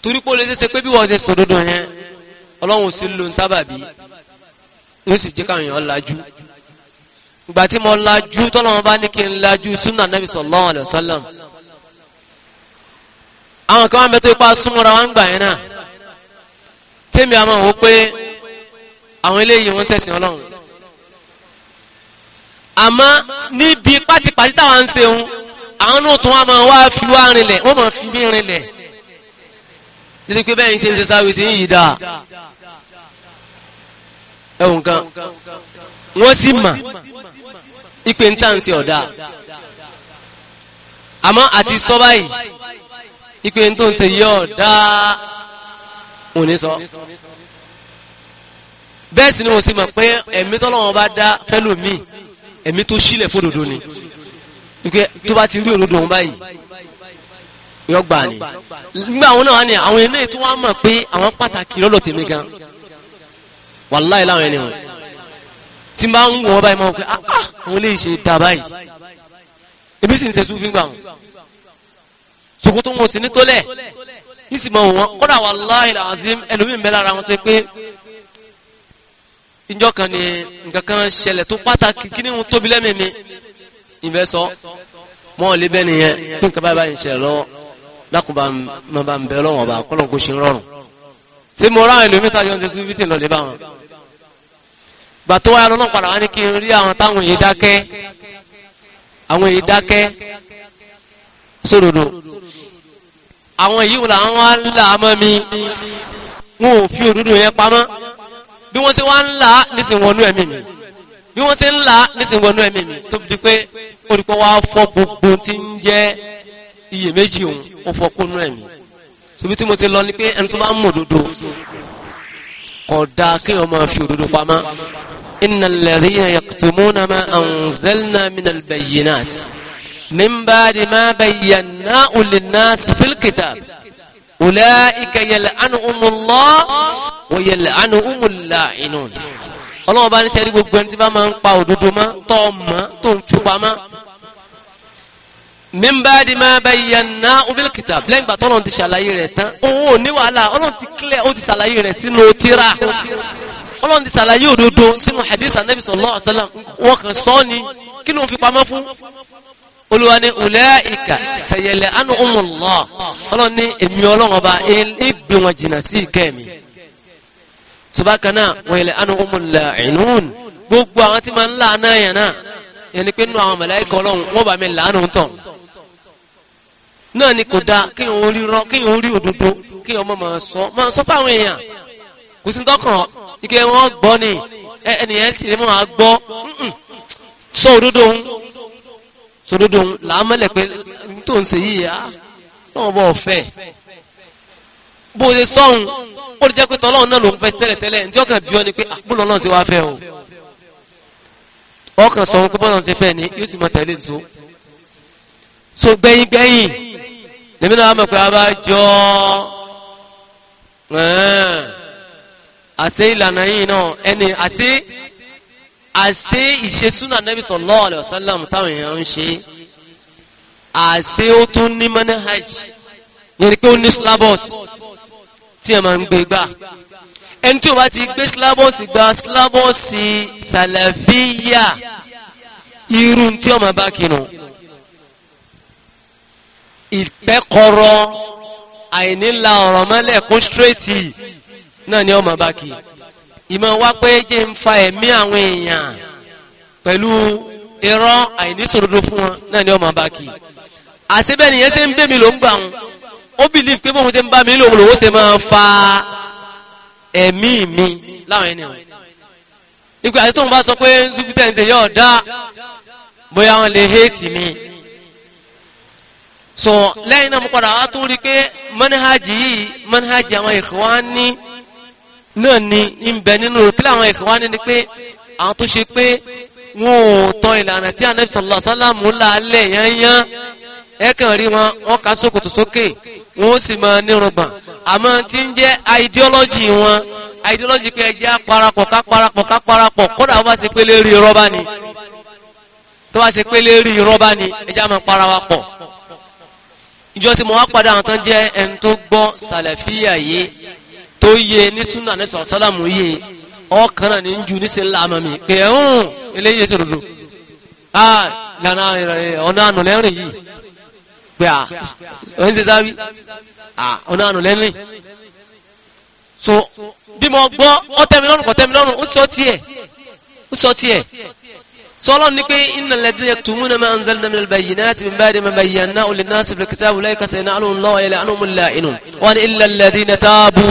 torí pé ó lè ṣe pé bí wọ́n ṣe sòdodo yẹn ọlọ́run sì ló ń sábàbí yóò sì jẹ́ káwọn èèyàn lajú ìgbà mo lajú tọ́lọ́wọ́n bá ní kí n lajú súnà nàbì sallallahu alaihi wasallam àwọn kan wá mẹ́tọ́ ipá súnmọ́ra wọn gbà yẹn náà tèmi àmọ́ wò pé àwọn eléyìí wọ́n ṣẹ̀sìn ọlọ́run àmọ́ níbi pátipàtí táwọn ń ṣe òun àwọn náà tún wọn máa wá fi wá rinlẹ̀ wọ́n máa fi mí rinlẹ̀ títí pé bẹ́ẹ̀ ń ṣe ń ṣe sáré tí ń yí dáa ẹ̀wọ̀n kan wọ́n sì mà ìpè ń tàn sí ọ̀dà àmọ́ àti sọ báyìí ìpè ń tó ń ṣe yí ọ̀dà òun ní sọ bẹ́ẹ̀ sì ni wọ́n sì mọ̀ pé ẹ̀mí tọ́lọ́wọ́n bá dá fẹ́lòmíì ẹ̀mí tó sílẹ̀ fódòdó ni wípé tó bá ti rí òdodo òun báyìí yọ gbà ní nígbà àwọn náà wà ní àwọn eléyìí tó wà mọ̀ pé àwọn pàtàkì lọ́dọ̀ tèmi gan wàláì láwọn ẹni wọn tí n bá ń wọ̀ ọ́ báyìí máa wọ pé ah ah àwọn eléyìí ṣe dá báyìí ebi sì ń ṣe súnfín gbà wọn sokoto wọn sì ní tólẹ̀ yìí sì máa wọ wọn kódà wàláì làzim ẹlòmíín bẹ lára wọn tó pé ìjọ kan ni nǹkan kan ṣẹlẹ̀ tó pàtàkì kí ni wọn tóbi lẹ́mìí mi ìbẹ́ sọ mọ́ ọ lé nìyẹn kí nǹkan báyìí báyìí ń ṣẹlẹ̀ lọ́wọ́ lákùnbà máa bá ń bẹ lọ́wọ́ bá kọ́lọ́n kó ṣe ń rọrùn. ṣé mo rán ìlú mẹ́ta yọ̀ ń ṣe súnfìtì lọ́lẹ́ bá wọn. gbàtọ́ wa lọ́nà padà wá ní kí n rí àwọn táwọn èyí dákẹ́ àwọn èyí dákẹ́ sódodo àwọn èyí wò làwọn wá ń là á mọ́ mi wọn ò fi òdodo yẹn pamọ́ bí wọ́n ṣe wá ń là nísìnyí wọn nú ẹ̀mí mi bí wọ́n ṣe ń la nísìnyí wọnú ẹ̀mí mi tó fi di pé olùkọ́ wa fọ gbogbo tí ń jẹ́ iyèméjì òun ó fọ kónú ẹ̀mí tóbi tí mo ti lọ ni pé ẹni tó bá ń mọ òdodo kò dáa kéèyàn máa fi òdodo pamọ́ innal ladhina yaktumuna ma anzalna minal bayyinati min ba'di ma bayyanahu linnasi fil kitab ulaika yal'anuhumullah wa yal'anuhumul la'inun ọlọ́run bá ní sẹ́rí gbogbo ẹni tí bá máa ń pa òdodo mọ́ tọ́ mọ́ tó ń fi pamọ́. min ba'di ma bayyanahu bil kitab lẹ́yìn ìgbà tọ́lọ́run ti ṣàlàyé rẹ̀ tán òun ò ní wàhálà ọlọ́run ti clear ó ti ṣàlàyé rẹ̀ sínú tírà ọlọ́run ti ṣàlàyé òdodo sínú hadith anabi sallallahu alaihi wasallam wọn kàn sọ́ ni kí ló ń fi pamọ́ fún olúwa ni ulaika sayẹlẹ anu umullah ọlọ́run ni èmi ọlọ́run ọba ẹ gbé wọn jìnnà sí ìkẹ́ mi subakana wẹ̀lẹ̀ anukumula ẹ̀nún gbogbo àwọn tí ma ń lànà yẹn náà yẹn ni pé nínú àwọn màláíkà Ọlọ́run wọ́n bá mi lànà ń tàn náà ni kò da kí n orí rọ kí n orí òdodo kí ọmọ máa sọ máa sọ fáwọn èèyàn kò sí tọkàn ike wọn gbọ́ ni ẹnìyẹn sì ni máa gbọ́ sọ òdodo ń sọ òdodo ń làámọ́lẹ̀ pé tó ń ṣe yá náà wọ́n bọ̀ bó ṣe sọ́hun ó lè jẹ́ pé tọ́lọ́hun náà ló ń fẹ́ tẹ́lẹ̀ tẹ́lẹ̀ ǹjẹ́ ọkàn bí ọ ni pé àbúlọ̀ ah, náà ṣe wá fẹ́ o ọkàn sọ̀rọ̀ pé bọ́lá ṣe fẹ́ ni yóò sì máa tẹ̀lé nìṣó so gbẹ̀yìn gbẹ̀yìn lèmi náà mọ̀ pé a bá jọ àṣé ìlànà yìí náà ẹni àṣé àṣé ìṣesúnà nẹ́bí sallallahu alaihi táwọn èèyàn ń ṣe àṣé ó tún ní manahaj yẹn ni pé ó ní syllabus tí ẹ máa ń gbé gbà ẹni tí o bá ti gbé sílábọ̀sì gba sílábọ̀sì sàlàfíà irú tí ọmọ bá kinu ìpẹ́kọ̀rọ̀ àìníla ọ̀rọ̀ mọ́lẹ̀ kún straighti náà ni ọmọ bá kì ìmọ̀ wá pé jẹ́ ń fa ẹ̀mí àwọn èèyàn pẹ̀lú irọ́ àìnísòdodo fún wọn náà ni ọmọ bá kì àṣebẹ́ni yẹn ṣe ń bẹ́mi ló ń gbà wọn ó bìlíf pé bóun ṣe ń bá mi lòun lòun ṣe máa fa ẹ̀mí mi láwọn ẹni wọn ìgbà àti tóun bá sọ pé zubitẹ́ǹsì yóò dá bóyá wọn lè héètì mi so lẹ́yìn náà mo padà wá tún rí i pé manhaji yìí manhaji àwọn Ikhwani náà ni ń bẹ nínú kí làwọn Ikhwani ni pé àwọn tó ṣe pé wọn ò tọ ìlànà tí anabi sallallahu alaihi là á lẹ̀ yányán ẹ kàn rí wọn wọn kà sókòtò sókè wọn ó sì máa nírùngbọ̀n àmọ́ tí ń jẹ́ ideology wọn ideology pé ẹ jẹ́ aparapọ̀ ká kódà wọ́n bá ṣe pé lérí rọ́bà ni tó bá ṣe pé lérí rọ́bà ni ẹ jẹ́ àmọ́ para wa pọ̀ ìjọ tí mo wá padà àwọn tán jẹ́ ẹni tó gbọ́ sàlẹ̀fíà yìí tó yẹ e ní súnà ní sọ̀rọ̀ sálàmù yìí ọkàn náà ní ń ju níṣẹ́ ńlá mi kẹ̀ ẹ̀ eléyìí ṣòdodo ah lànà eh, ọ̀nà ànàlẹ́rìn yìí pé à ò ń ṣe sáré à ọ̀nà àrùn lẹ́nu so bí mo gbọ́ ọ tẹ́mi lọ́rùn kọ́ tẹ́mi lọ́rùn ó sọ tiẹ̀ ó sọ tiẹ̀ sọlọ ni pé iná lẹ́dí yẹ tumu ní máa ń zẹ́lẹ̀ nínú bẹ̀yìn náà ti bá di ma bẹ̀yìn náà olè náà sì bẹ̀rẹ̀ kìtàbù láì kàṣẹ iná alóhùn lọ́wọ́ yẹlẹ̀ anú mu là inú wọn ni ilẹ̀ na táàbù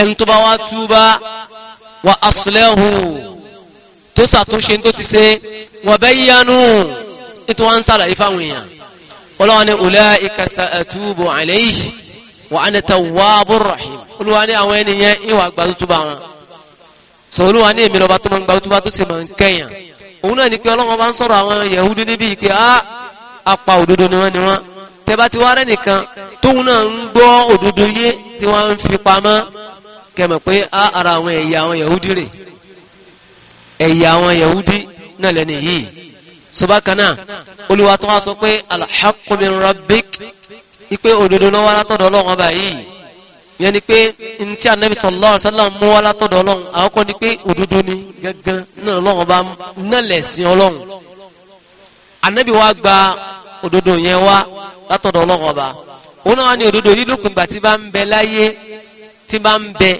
ẹni tó bá wá túbá wa asilẹ́hù tó sàtúnṣe tó ti ṣe wọ́n bẹ́yìn yánu ètò wọn ń sàlàyé fáwọn èèyàn ọlọ́wọ́n ni ulaika sa'atubu alayhi wa ana tawwabur rahim olúwa ní àwọn ènìyàn ìwà àgbà tó túbà wọn sọ olúwa ní èmi lọ́ba tó máa ń gba túbà tó sì máa ń kẹ́yàn òun náà ni pé ọlọ́wọ́n bá ń sọ̀rọ̀ àwọn yahudi níbi pé a apá òdodo ni wọ́n ni wọ́n tẹ́bá ti wá rẹ́ nìkan tóun náà ń gbọ́ òdodo yé tí wọ́n ń fi pamọ́ kẹmọ̀ pé a ara àwọn ẹ̀yà àwọn yahudi rè ẹ̀yà àwọn yahudi náà lẹ́nu yìí subakana olùwà tó wá sọ pé alhaqqu min rabbik ipe òdodo náà wá látọ̀dọ̀ ọlọ́run ọba yìí yẹn ni pé ntí anabi sallallahu alaihi wasallam mú wá látọ̀dọ̀ ọlọ́run àwọn kan ni pé òdodo ni gangan náà ọlọ́run ọba náà lẹ̀sìn ọlọ́run anabi wa gba òdodo yẹn wá látọ̀dọ̀ ọlọ́run ọba òun náà wá ní òdodo yìí lópin gbà tí bá ń bẹ láyé tí bá ń bẹ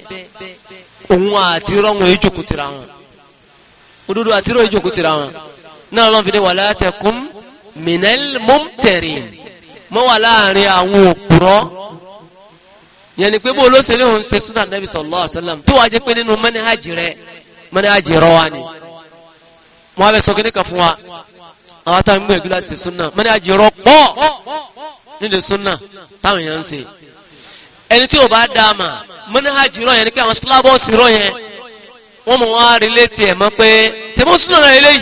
òun àti rọ́ọ̀mù èjòkó tira wọn òdodo àti rọ́ọ̀mù èjòkó tira wọn náà lọ́n fi dé wala takum minal mumtarin mọ́ wà láàrin àwọn òpùrọ́ yẹn ni pé bó olóṣèlú òun ṣe súnà nàbì sallallahu alaihi wasallam tó wàá jẹ́ pé nínú manhaj rẹ̀ manhaj rọ̀ wa ni mo wá fẹ́ sọ kíní kan fún wa àwọn táwọn gbìyànjú láti ṣe súnà manhaj rọ̀ pọ̀ nídìí súnà táwọn èèyàn ń ṣe ẹni tí o bá dá a ma manhaj rọ yẹn ni pé àwọn sílábọ̀sì rọ yẹn wọ́n mọ̀ wọ́n á relé tiẹ̀ mọ́ pé ṣe mọ́ súnà náà eléyìí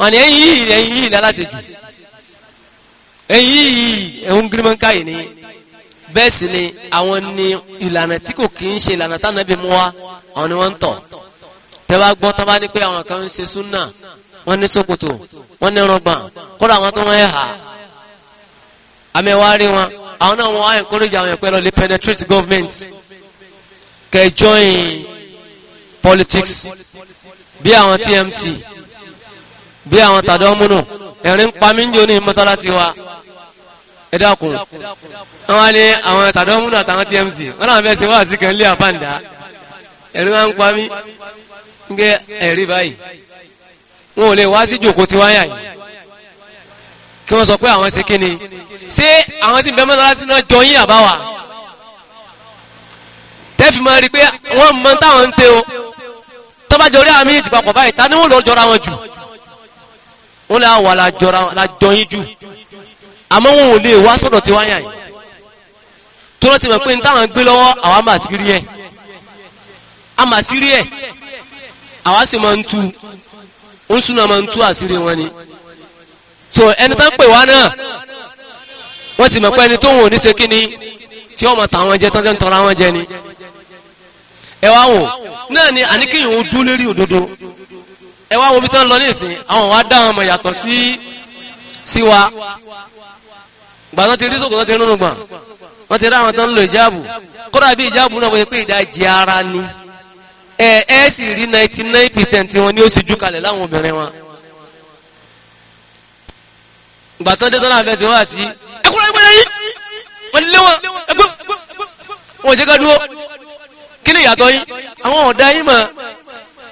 wọn ni ẹ̀yin yìí ẹ̀yin yìí ní aláṣejù ẹ̀yin yìí ẹ̀hún gírímọ̀ǹkà yìí ni bẹ́ẹ̀ sì ni àwọn ni ìlànà tí kò kì í ṣe ìlànà tánàbí mú wa àwọn ni wọ́n ń tọ̀ tẹ́wá gbọ́ tán bá ní pé àwọn kan ń ṣe súnà wọ́n ní ṣòkòtò wọ́n ní rọgbọ̀n kódà àwọn tó wọ́n ẹ̀ hà àmì ẹ̀wá rí wọn àwọn náà wọ́n á encourage àwọn ẹ̀pẹ́ lọ lè penetrate government kẹ́ join politics bí àwọn TMC bí àwọn tàdọ́ múnú ẹ̀rín ń pa mí ń jò ní mọ́sálásí wa ẹ dákun àwọn alẹ́ àwọn tàdọ́ múnú àtàwọn tmc wọn náà fẹ́ ṣe wá sí kan lé àbáǹdá ẹ̀rín wa ń pa mí ń gẹ́ ẹ̀rí báyìí wọn ò lè wá sí jòkó tí wáyà yìí kí wọ́n sọ pé àwọn ṣe kíni ṣé àwọn tí ń bẹ mọ́sálásí náà jọ yín àbáwá tẹ́fì máa rí pé wọ́n mọ táwọn ń ṣe o tọ́bajọ́rí àmì ìjìpapọ̀ báyìí ta ni wọ́n lọ jọra wọn jù wọ́n lè la lájọ yín jù àmọ́ wọn ò lè wá sọ́dọ̀ tí wáyà yìí tó lọ́ ti mọ̀ pé ní táwọn gbé lọ́wọ́ àwa mà sí rí ẹ̀ a mà sí sì máa ń tu ń súná máa ń tú àṣírí wọn ni so ẹni tó pè wá náà wọ́n ti mọ̀ pé ẹni tó ń wò ní ṣe kí ni tí ọmọ tàwọn jẹ tán tẹ́ tọrọ àwọn jẹ ni ẹ wá wò náà ni àníkéyìn ń dún lérí òdodo ẹ wá wo bí tán lọ ní ìsìn àwọn wa dá àwọn ọmọ yàtọ̀ sí sí wa gbà tán ti rí sòkòtò ti rúnrún gbọ̀n wọ́n ti rí àwọn tán ń lo ìjáàbù kódà bí ìjáàbù náà wọ́n yẹ pé ìdajì ara ni ẹ ẹ sì rí ninety nine percent wọn ni ó sì jú kalẹ̀ láwọn obìnrin wọn gbà tán dẹ́tọ́ náà fẹ́ ti wá sí ẹkúrẹ́ ìgbẹ́lẹ́ yìí wọ́n lé wọn ẹgbẹ́ wọn ò jẹ́ ká dúró kí ni ìyàtọ̀ yín àwọn ọ̀dà yín mọ̀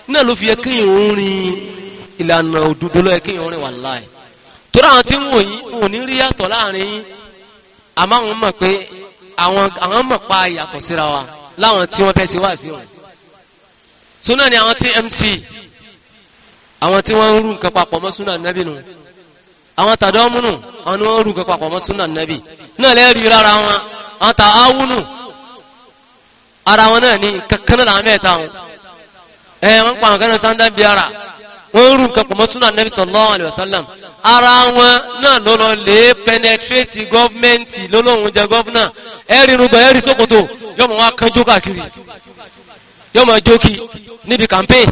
náà ló fi yẹ kí ìrún rin ìlànà òdodo ló yẹ kí ìrún rin wallahi torí àwọn tí ń wò yín wò ní rí yàtọ̀ láàrin yín àmọ́ àwọn mọ̀ pé àwọn àwọn mọ̀ pa yàtọ̀ síra wa láwọn tí wọ́n fẹ́ sí wá sí wọn súnà ni àwọn tí mc àwọn tí wọ́n ń rú nǹkan papọ̀ mọ́ súnà nẹ́bí nù àwọn tàdọ́ múnù àwọn ni wọ́n ń rú nǹkan papọ̀ mọ́ súnà nẹ́bí náà lẹ́rìí rárá wọn àwọn tà áwúnù ara wọn náà ní kankan náà làwọn mẹ́ta wọn ẹ wọn pa àwọn kan náà biara wọn rú nǹkan pọ̀ mọ́ súnà nẹ́bí sallallahu alayhi wa sallam ara wọn náà ló lè penetrate gọ́ọ̀mẹ́ǹtì lọ́lọ́run jẹ gọ́ọ̀nà ẹ̀rí rúgbọ̀n ẹ̀rí sokoto yọmọ wa kánjó káàkiri yọmọ jókì níbi campaign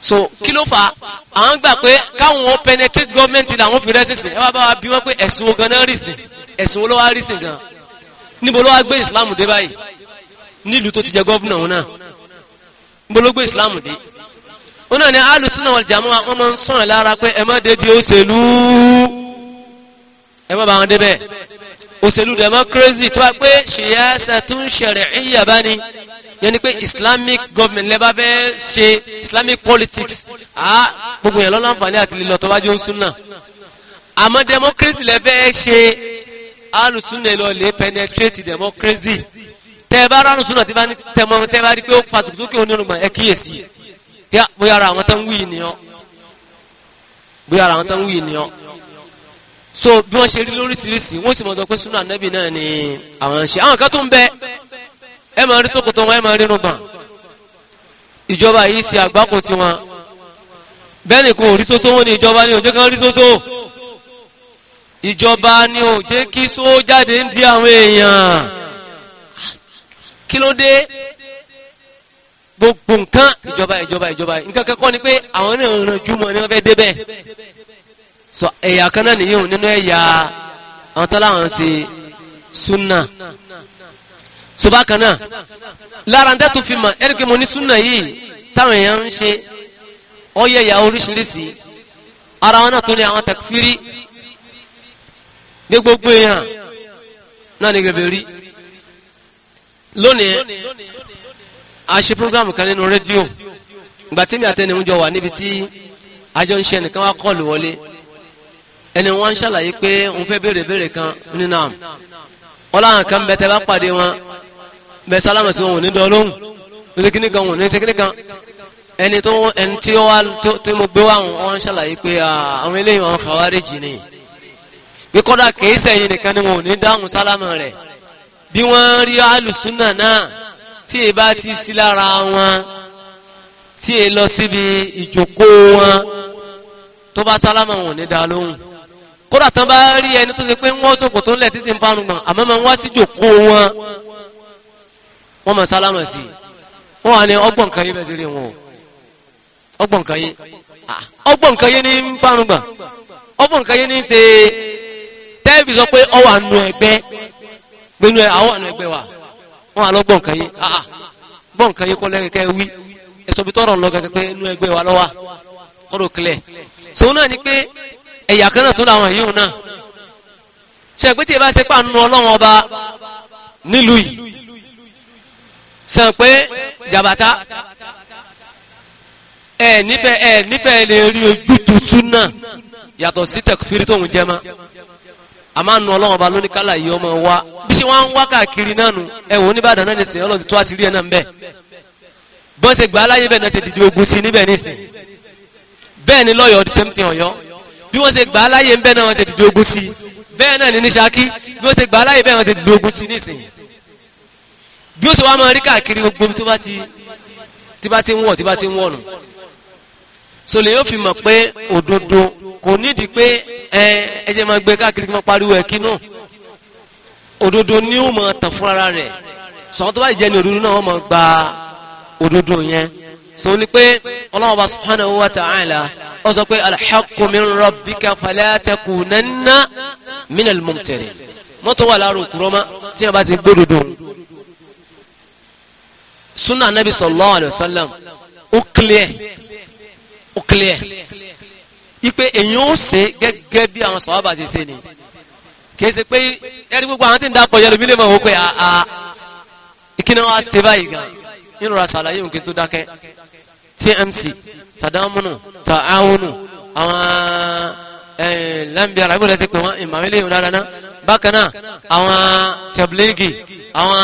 so kilofa ló fà á àwọn gbà pé káwọn wọn penetrate gọ́ọ̀mẹ́ǹtì làwọn fi rẹ́sìsì ẹ wá bá wa bí wọn pé ẹ̀sùn wo ganan rì sí ẹ̀sùn wo ló wá rì sí gan níbo ló wá gbé ìsìlámù dé báyìí nílùú tó ti jẹ gọ́ọ̀nà òun náà gbológbó ìsìláàmù di. wọn náà ní alùsùnà wal jamaa wọn máa ń sọ̀rọ̀ lára pé ẹ má dé di òṣèlú ẹ má bá wọn débẹ̀ òṣèlú democracy tó wá pé siyasatun shar'iyya bá ní yẹn ni pé islamic government lẹ́bàá fẹ́ ṣe islamic politics ah gbogbo yẹn lọ́nà àǹfààní àti lílọ tó bá jó ń súnà àmọ́ democracy lẹ́fẹ́ ṣe alùsùnà lọ lè penetrate democracy tẹ bá ránu súnà tí bá ní tẹmọ tẹ bá rí pé ó fa sòkòtòkè onírùngbọ̀n ẹ kíyèsí tí bóyá ara àwọn tó ń wí nìyọ bóyá ara àwọn tó ń wí nìyọ so bí wọn ṣe rí lóríṣiríṣi wọn sì mọ sọ pé súnà nẹbì náà ni àwọn ń ṣe àwọn kan tó ń bẹ ẹ máa rí sòkòtò wọn ẹ máa rínú bàn ìjọba yìí ṣe àgbákò tiwọn bẹ́ẹ̀ nìkan ò rí soso wọn ni ìjọba ni òjò kan rí soso ìjọba ni òjò kí só ń di àwọn èèyàn kí ló dé gbogbo nǹkan ìjọba ìjọba ìjọba nǹkan kẹ́kọ́ ni pé àwọn náà ràn jù mọ́ ni wọ́n fẹ́ débẹ̀ sọ ẹ̀yà kan náà nìyẹn nínú ẹ̀yà àwọn tó láwọn ṣe súnà ṣùgbọ́n kan náà lára ń dẹ́tù fi mọ̀ ẹ̀ríkì mo ní súnà yìí táwọn èèyàn ń ṣe ọyẹ ìyà oríṣiríṣi ara wọn náà tó ní àwọn takfiri gbogbo èèyàn náà ní gbèbè rí lónìí a ṣe program kan nínú rédíò ìgbà tí mi àtẹni ń jọ wà níbi tí àjọ ń ṣe ẹnìkan wá kọlù wọlé ẹni wọn ń ṣàlàyé pé òun fẹ́ béèrè béèrè kan nínú àmì wọn láwọn kan bẹ tẹ bá pàdé wọn bẹ sálámà sí wọn ò ní dán lóhùn kan wọn ò ní ṣe kan ẹni tó ẹni tí mo gbé wá wọn ń ṣàlàyé pé àwọn eléyìí àwọn kàwárí jì ni pé kọ́dà kìí sẹ́yìn nìkan ni wọn ò ní dáhùn sálámà rẹ̀ bí wọ́n rí alùsùnà náà tí ì bá ti sí lára wọn tí ì lọ síbi ìjókòó wọn tó bá sálámà wọn ní dá lóhùn kódà tán bá rí ẹni tó ṣe pé wọ́n sòkò tó ń lẹ̀ tí sì ń fanu gbọ̀n àmọ́ máa ń wá sí ìjókòó wọn wọ́n máa sálámà sí i wọ́n wà ní ọgbọ̀n kan yìí bẹ́ẹ̀ sí rí wọn o ọgbọ̀n kan yìí ah, ọgbọ̀n kan yìí ní ń fanu gbọ̀n ọgbọ̀n kan yìí ní ń ṣe tẹ́ẹ̀bì sọ pé ọwà nù ẹgbẹ́ gbẹnu ẹ àwọn àna ẹgbẹ wa wọn àlọ gbọ nǹkan yín ah, ah. gbọ nǹkan yín kọlẹ kẹkẹ wí ẹsọ bí tọrọ lọ kẹkẹ pé inú ẹgbẹ wa lọwa kọdọ kílẹ so náà ni pé ẹyà kan náà tó làwọn yìí náà ṣe pé tí ẹ bá ṣe pa nu ọlọ́wọ́n ọba nílùú yìí sàn pé jàbàtà ẹ nífẹ̀ẹ́ ẹ nífẹ̀ẹ́ lè rí ojútùú súnà yàtọ̀ sí tẹkifiri tóun jẹ́ máa a máa nu ọlọ́run ọba lóní kálá yìí ọmọ wa bí ṣe wọ́n ń wá káàkiri náà nu ẹ wò oníbàdàn náà nìsín ọlọ́run ti tó àṣírí ẹ̀ náà ń bẹ̀ bọ́n ṣe gbà á láyé bẹ́ẹ̀ náà ṣe dìde ogun sí níbẹ̀ nìsín bẹ́ẹ̀ ni lọ́yọ̀ọ́ the same thing ọ̀yọ́ bí wọ́n ṣe gbà á láyé ń bẹ́ẹ̀ náà wọ́n ṣe dìde ogun sí bẹ́ẹ̀ náà ní ní bí wọ́n ṣe gbà á bẹ́ẹ̀ wọ́n ṣe dìde ogun so lè yóò fi kò nídìí pé ẹ ẹjẹ máa gbé káàkiri máa pariwo ẹ kínú òdodo ni ó máa tàn fúnra rẹ̀ sọ̀rọ̀ tó bá jẹ́ ní òdodo náà wọ́n máa gba òdodo yẹn sọ ni pé Ọlọ́hun bá subhanahu wa ta'ala ó sọ pé al-haqqu min rabbika fala takunanna minal mọ́tò wà láàrú kúrọ́mọ́ tí wọ́n bá ti gbódodo sunna anabi sallallahu alayhi wa sallam ó clear ó clear ipe èyàn ó ṣe gẹ́gẹ́ bí àwọn sọ̀rọ̀ ṣe ṣe ni kìí ṣe pé ẹni gbogbo àwọn tí ń dapò yẹlò mílíọ̀nù wò pé àà ìkíni wa ṣe báyìí gan nínú ra ṣàlàyé òǹkè tó dákẹ́ tmc tàdámùnù tàáhùnù àwọn lẹ́mbíà ràbíwọ̀n lẹ́sẹ̀ pé wọ́n ìmàmílẹ̀ ìhùn dáadáa bákan náà àwọn tẹ̀blẹ́gì àwọn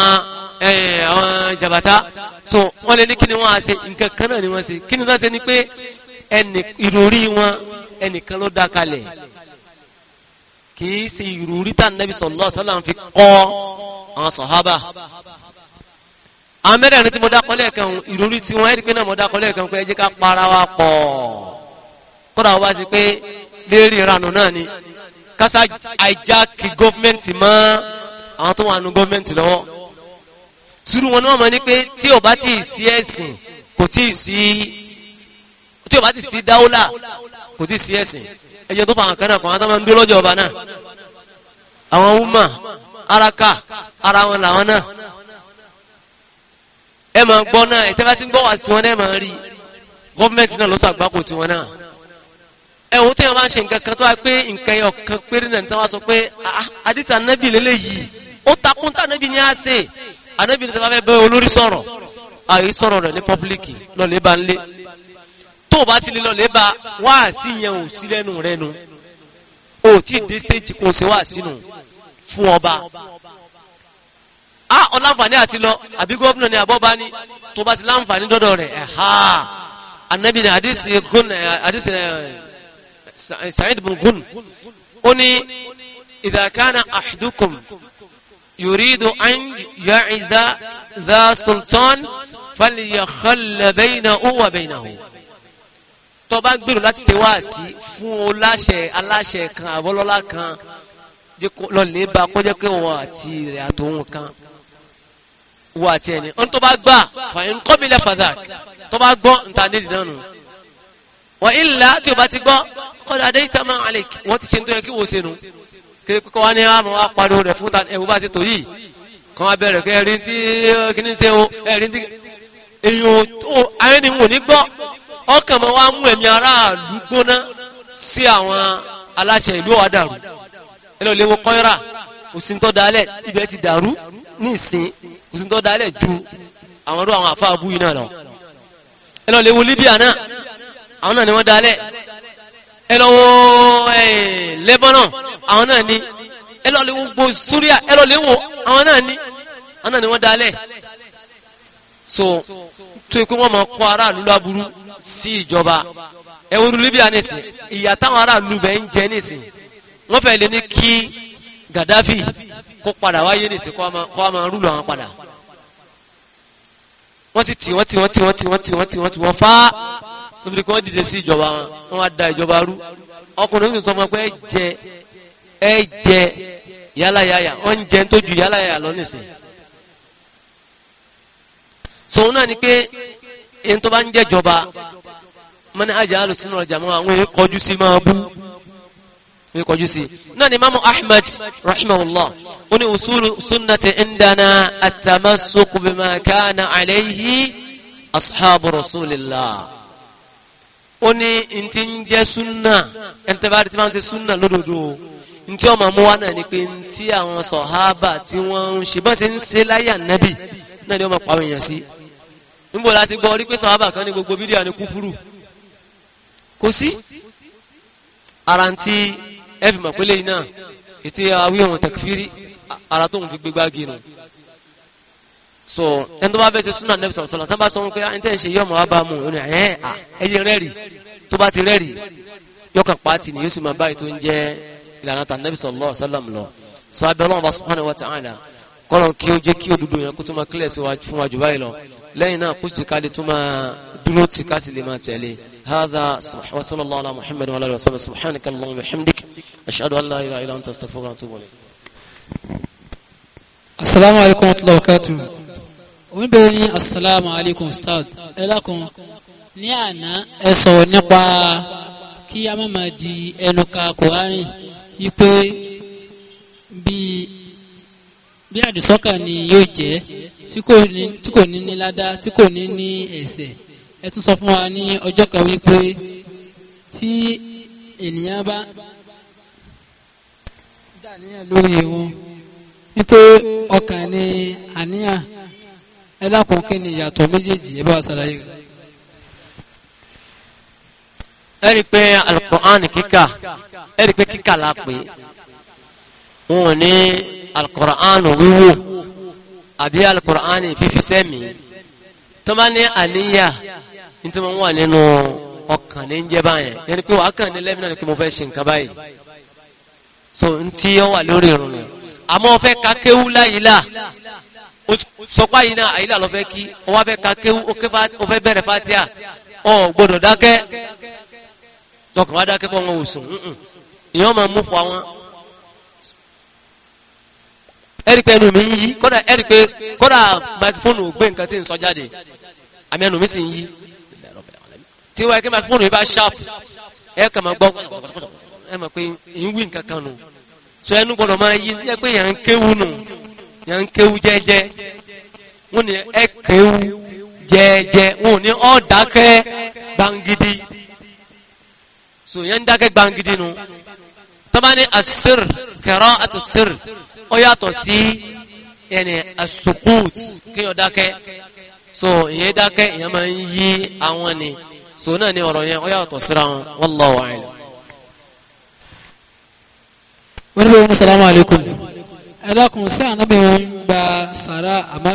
àwọn jabata so wọ́n lè ní kíni wọ́n á ṣe nǹkan kan náà ni wọ́n ṣe kíni wọ́n ṣe ni pé ẹnì ìròrí wọn ẹnìkan ló dá kalẹ̀ kì í ṣe ìrúrí tá nàbí sallallahu alaihi wasallam fi kọ́ àwọn sàhábà àwọn mẹ́rẹ̀ẹ̀rin tí mo dákọ́ lẹ́ẹ̀kan ìrúrí tí wọ́n ẹ̀rí pé náà mo dákọ́ lẹ́ẹ̀kan pé ẹ jẹ́ ká para wa pọ̀ kódà wọ́n bá ṣe pé lérí ìranù náà ni kásá àìjákì gọ́ọ̀mẹ̀ntì mọ́ àwọn tó wà nù gọ́ọ̀mẹ̀ntì lọ́wọ́ sùúrù wọn ni wọ́n mọ̀ ní pé tí ò bá tí sí ẹ̀sìn kò tí ì sí tí ò bá tí sí dáwọ́là kò tí ì sí ẹ̀sìn ẹjọ́ tó fàwọn kẹ́nà kan àwọn tó máa ń dúró lọ́jọ́ ọba náà àwọn ọmọ araka ara wọn làwọn náà ẹ máa gbọ́ náà ẹ̀ tẹ́fà tí ń gbọ́ wá sí wọn náà ẹ máa rí gọ́ọ̀mẹ̀ntì náà lọ́sọ̀ àgbákò tiwọn náà ẹ wò tí wọn máa ń ṣe nǹkan kan tó wá pé nǹkan yẹn ọ̀kan péré náà níta wá sọ pé àdìsí ah, anábì ah, lélẹ̀ yìí ó takun tá anábì ní á sè anábì ní tí wọn bá fẹ́ bẹ́ olórí sọ̀rọ̀ àyè sọ̀rọ̀ rẹ̀ ní pọ́bílíkì lọ́ọ̀lẹ́ tó o bá ti lè lọ lébà wá sí yẹn ò sí lẹ́nu rẹ nu o ti dé stage kò sí wá sínú fún ọba a ọláǹfààní àti lọ àbí gómìnà ni àbọ̀bá ni tó bá ti láǹfààní dọ́dọ̀ rẹ̀ ẹ̀ha anabi ni hadisi gun hadisi sa'id bin gun ó ní idha kana ahadukum yuridu an ya'iza dha sultan falyakhal baynahu wa baynahu tó bá gbèrò láti ṣe wáàsí fún oláṣẹ aláṣẹ kan àbọ́lọ́lá kan lọ́lẹ̀ bá kọjá pé wọn àti rẹ̀ àtòun kan wọn àti ẹni ọ̀n tó gbà fàyín kọ́bílẹ̀ fàdà tó gbọ́ nta nídìí náà nù wà ilà tí o bá ti gbọ́ kọ́dà adé ìtàmà alek wọ́n ti ṣe ń tó yẹ kí wọ́n ṣe nu kí kọ́ wa ní àwọn ah, apàdé rẹ̀ fún ẹ̀wù bá ti tò yìí kàn wá bẹ̀rẹ̀ kẹ́ ẹ̀rí tí kìíní ṣe o ẹ̀rí tí èyí ò ayé ni wò ní gbọ́ ọkàn mọ́ wa mú ẹ̀mí aráàlú gbóná sí àwọn aláṣẹ ìlú wa dàrú ẹ lọ lè wo kọ́ńrà òsìntọ́ dalẹ̀ ibẹ̀ ti dàrú ní ìsìn dalẹ̀ ju àwọn ọdún àwọn àfáàbù yìí náà lọ ẹ lọ lè wo Libya náà àwọn náà ni wọ́n dalẹ̀ ẹ wo Lebanon àwọn náà ni ẹ lọ lè wo gbogbo Syria àwọn náà ni àwọn náà ni wọ́n dalẹ̀ so tó ikú wọn máa kọ aráàlú láburú sí ìjọba ẹwúrú libya nìsín ìyà táwọn aráàlú bẹ ń jẹ nìsín wọn fẹẹ lè ní kí gaddafi kó padà wáyé nìsín kó a máa rúlù àwọn padà wọ́n sì tì wọ́n tì wọ́n tì wọ́n tì wọ́n tì wọ́n tóbi kí wọ́n dìde sí ìjọba wọn wọ́n wá da ìjọba rú ọkùnrin mi sọ ma pé ẹ jẹ ẹ jẹ yálàyàyà wọ́n ń jẹ tó ju yálàyàyà lọ nìsín sòun náà ni pé ẹni tó bá ń jẹ́jọba mọ́ni ajá alùsùn ọ̀rọ̀ jàmọ́ àwọn èèyàn kọjú sí máa bú wọ́n kọjú sí náà ni mamu ahmed rahimahullah ó ní usulu sunnati indana atamasuku bima kana alayhi ashabu rasulillah ó ní ntí ń jẹ́ sunna ẹni tó bá rí tí wọ́n ń ṣe sunna lódodo ntí ọmọ mu wa náà ni pé ntí àwọn sọ̀hábà tí wọ́n ń ṣe bọ́n ṣe ń ṣe láyà nábì náà ni wọ́n máa pa àwọn èèyàn sí níbo láti gbọ́ orí pé sàhábà kan ní gbogbo bídíà ní kúfúrú kò sí ara ń tí ẹ fi mọ̀ pé lẹ́yìn náà ètí awíhàn tẹkifírí ara tó ń fi gbégbá gínú so ẹni tó bá bẹ́ẹ̀ ṣe súnà nẹ́bí sọ̀rọ̀ sọ̀rọ̀ tó bá sọ wọn pé ẹni tẹ́ ń ṣe yọmọ wa bá mu ẹ̀ ẹ́ ẹyẹ rẹ́rì tó bá ti rẹ́rì yọkàn pàtì ni yóò sì máa báyìí tó ń jẹ́ ìlànà tà nẹ́bí sallallahu alaihi wasallam lọ sọ abẹ́ ọlọ́run bá subhanahu wa ta'ala kọ́lọ̀ kí ó jẹ́ kí òdodo yẹn kó tó máa kílẹ̀ sí fún wa jù báyìí lọ lẹ́yìn náà kó sì káde tó máa dúró tì ká sì lè máa tẹ̀lé hadha wa sallallahu ala muhammad wa alayhi wa sallam subhanaka allahumma wa hamdik ashhadu an la ilaha illa anta astaghfiruka wa atubu ilayk. asalaamu alaykum wa rahmatulahi wa barakatuh. òun bẹ̀rẹ̀ ní asalaamu alaykum ustaz ẹ lákun ní àná ẹ sọ̀rọ̀ nípa kí a má máa di ẹnu ka kùránì yí pé bí àdìsọ́kàn ni yóò jẹ́ tí kò ní ní ládá tí kò ní ní ẹ̀ṣẹ̀ ẹ tún sọ fún wa ní ọjọ́ kan wípé tí ènìyàn bá dàníyàn lórí wọn wípé ọkàn ni àníyàn ẹ dákun kí ni ìyàtọ̀ méjèèjì ẹ bá wa ṣàlàyé rẹ. ẹ rí i pé alukur'an kíkà ẹ rí i pé kíkà la pè wọn ò ní alukur'an wíwò àbí alukur'an fífisẹ́ mi tọ́ba ní àníyà nítorí wọn wà nínú ọkàn ní jẹ́ báyẹn yẹni pé wàá kàn ní lẹ́mìnà ni pé mo fẹ́ ṣe nǹkan báyìí so n tí ó wà lórí irun nù àmọ́ ọ fẹ́ ka kéwú láyìí là sọpá yìí náà àyílà lọ fẹ́ kí ọ wá fẹ́ ka kéwú ó fẹ́ bẹ̀rẹ̀ fatia ọ gbọ́dọ̀ dákẹ́ ọkàn wá dákẹ́ fún wọn wò sùn ìyẹn wọn máa mú fún àwọn ẹ̀rí pé ẹnu mi ń yí kódà ẹ̀rí pé kódà máikrófóònù gbé nǹkan tí ń sọ jáde àmì ẹnu mi sì ń yí tí wáyé kí máikrófóònù yìí bá sharp ẹ kàn máa gbọ́ ẹ mọ̀ pé ń wí nǹkan kan nù so ẹnu gbọ́dọ̀ máa yí ẹ pé yàn ń kéwu nù yàn ń kéwu jẹ́jẹ́ wọ́n ní ẹ kéwu jẹ́jẹ́ wọ́n ní ọ́ dákẹ́ gbangidi so yẹn ń dákẹ́ gbangidi nù tọ́ba ní asir kẹrọ àti sir ó yàtọ̀ sí ẹni asukut kéèyàn dákẹ́ so ìyẹn dákẹ́ ìyẹn máa ń yí àwọn ni so náà ni ọ̀rọ̀ yẹn ó yàtọ̀ síra wọn wallahu a'lam. wọ́n ní bẹ́ẹ̀ salamu alaykum ẹ dákun sí ànábì wọn ń gba sàrà àmọ́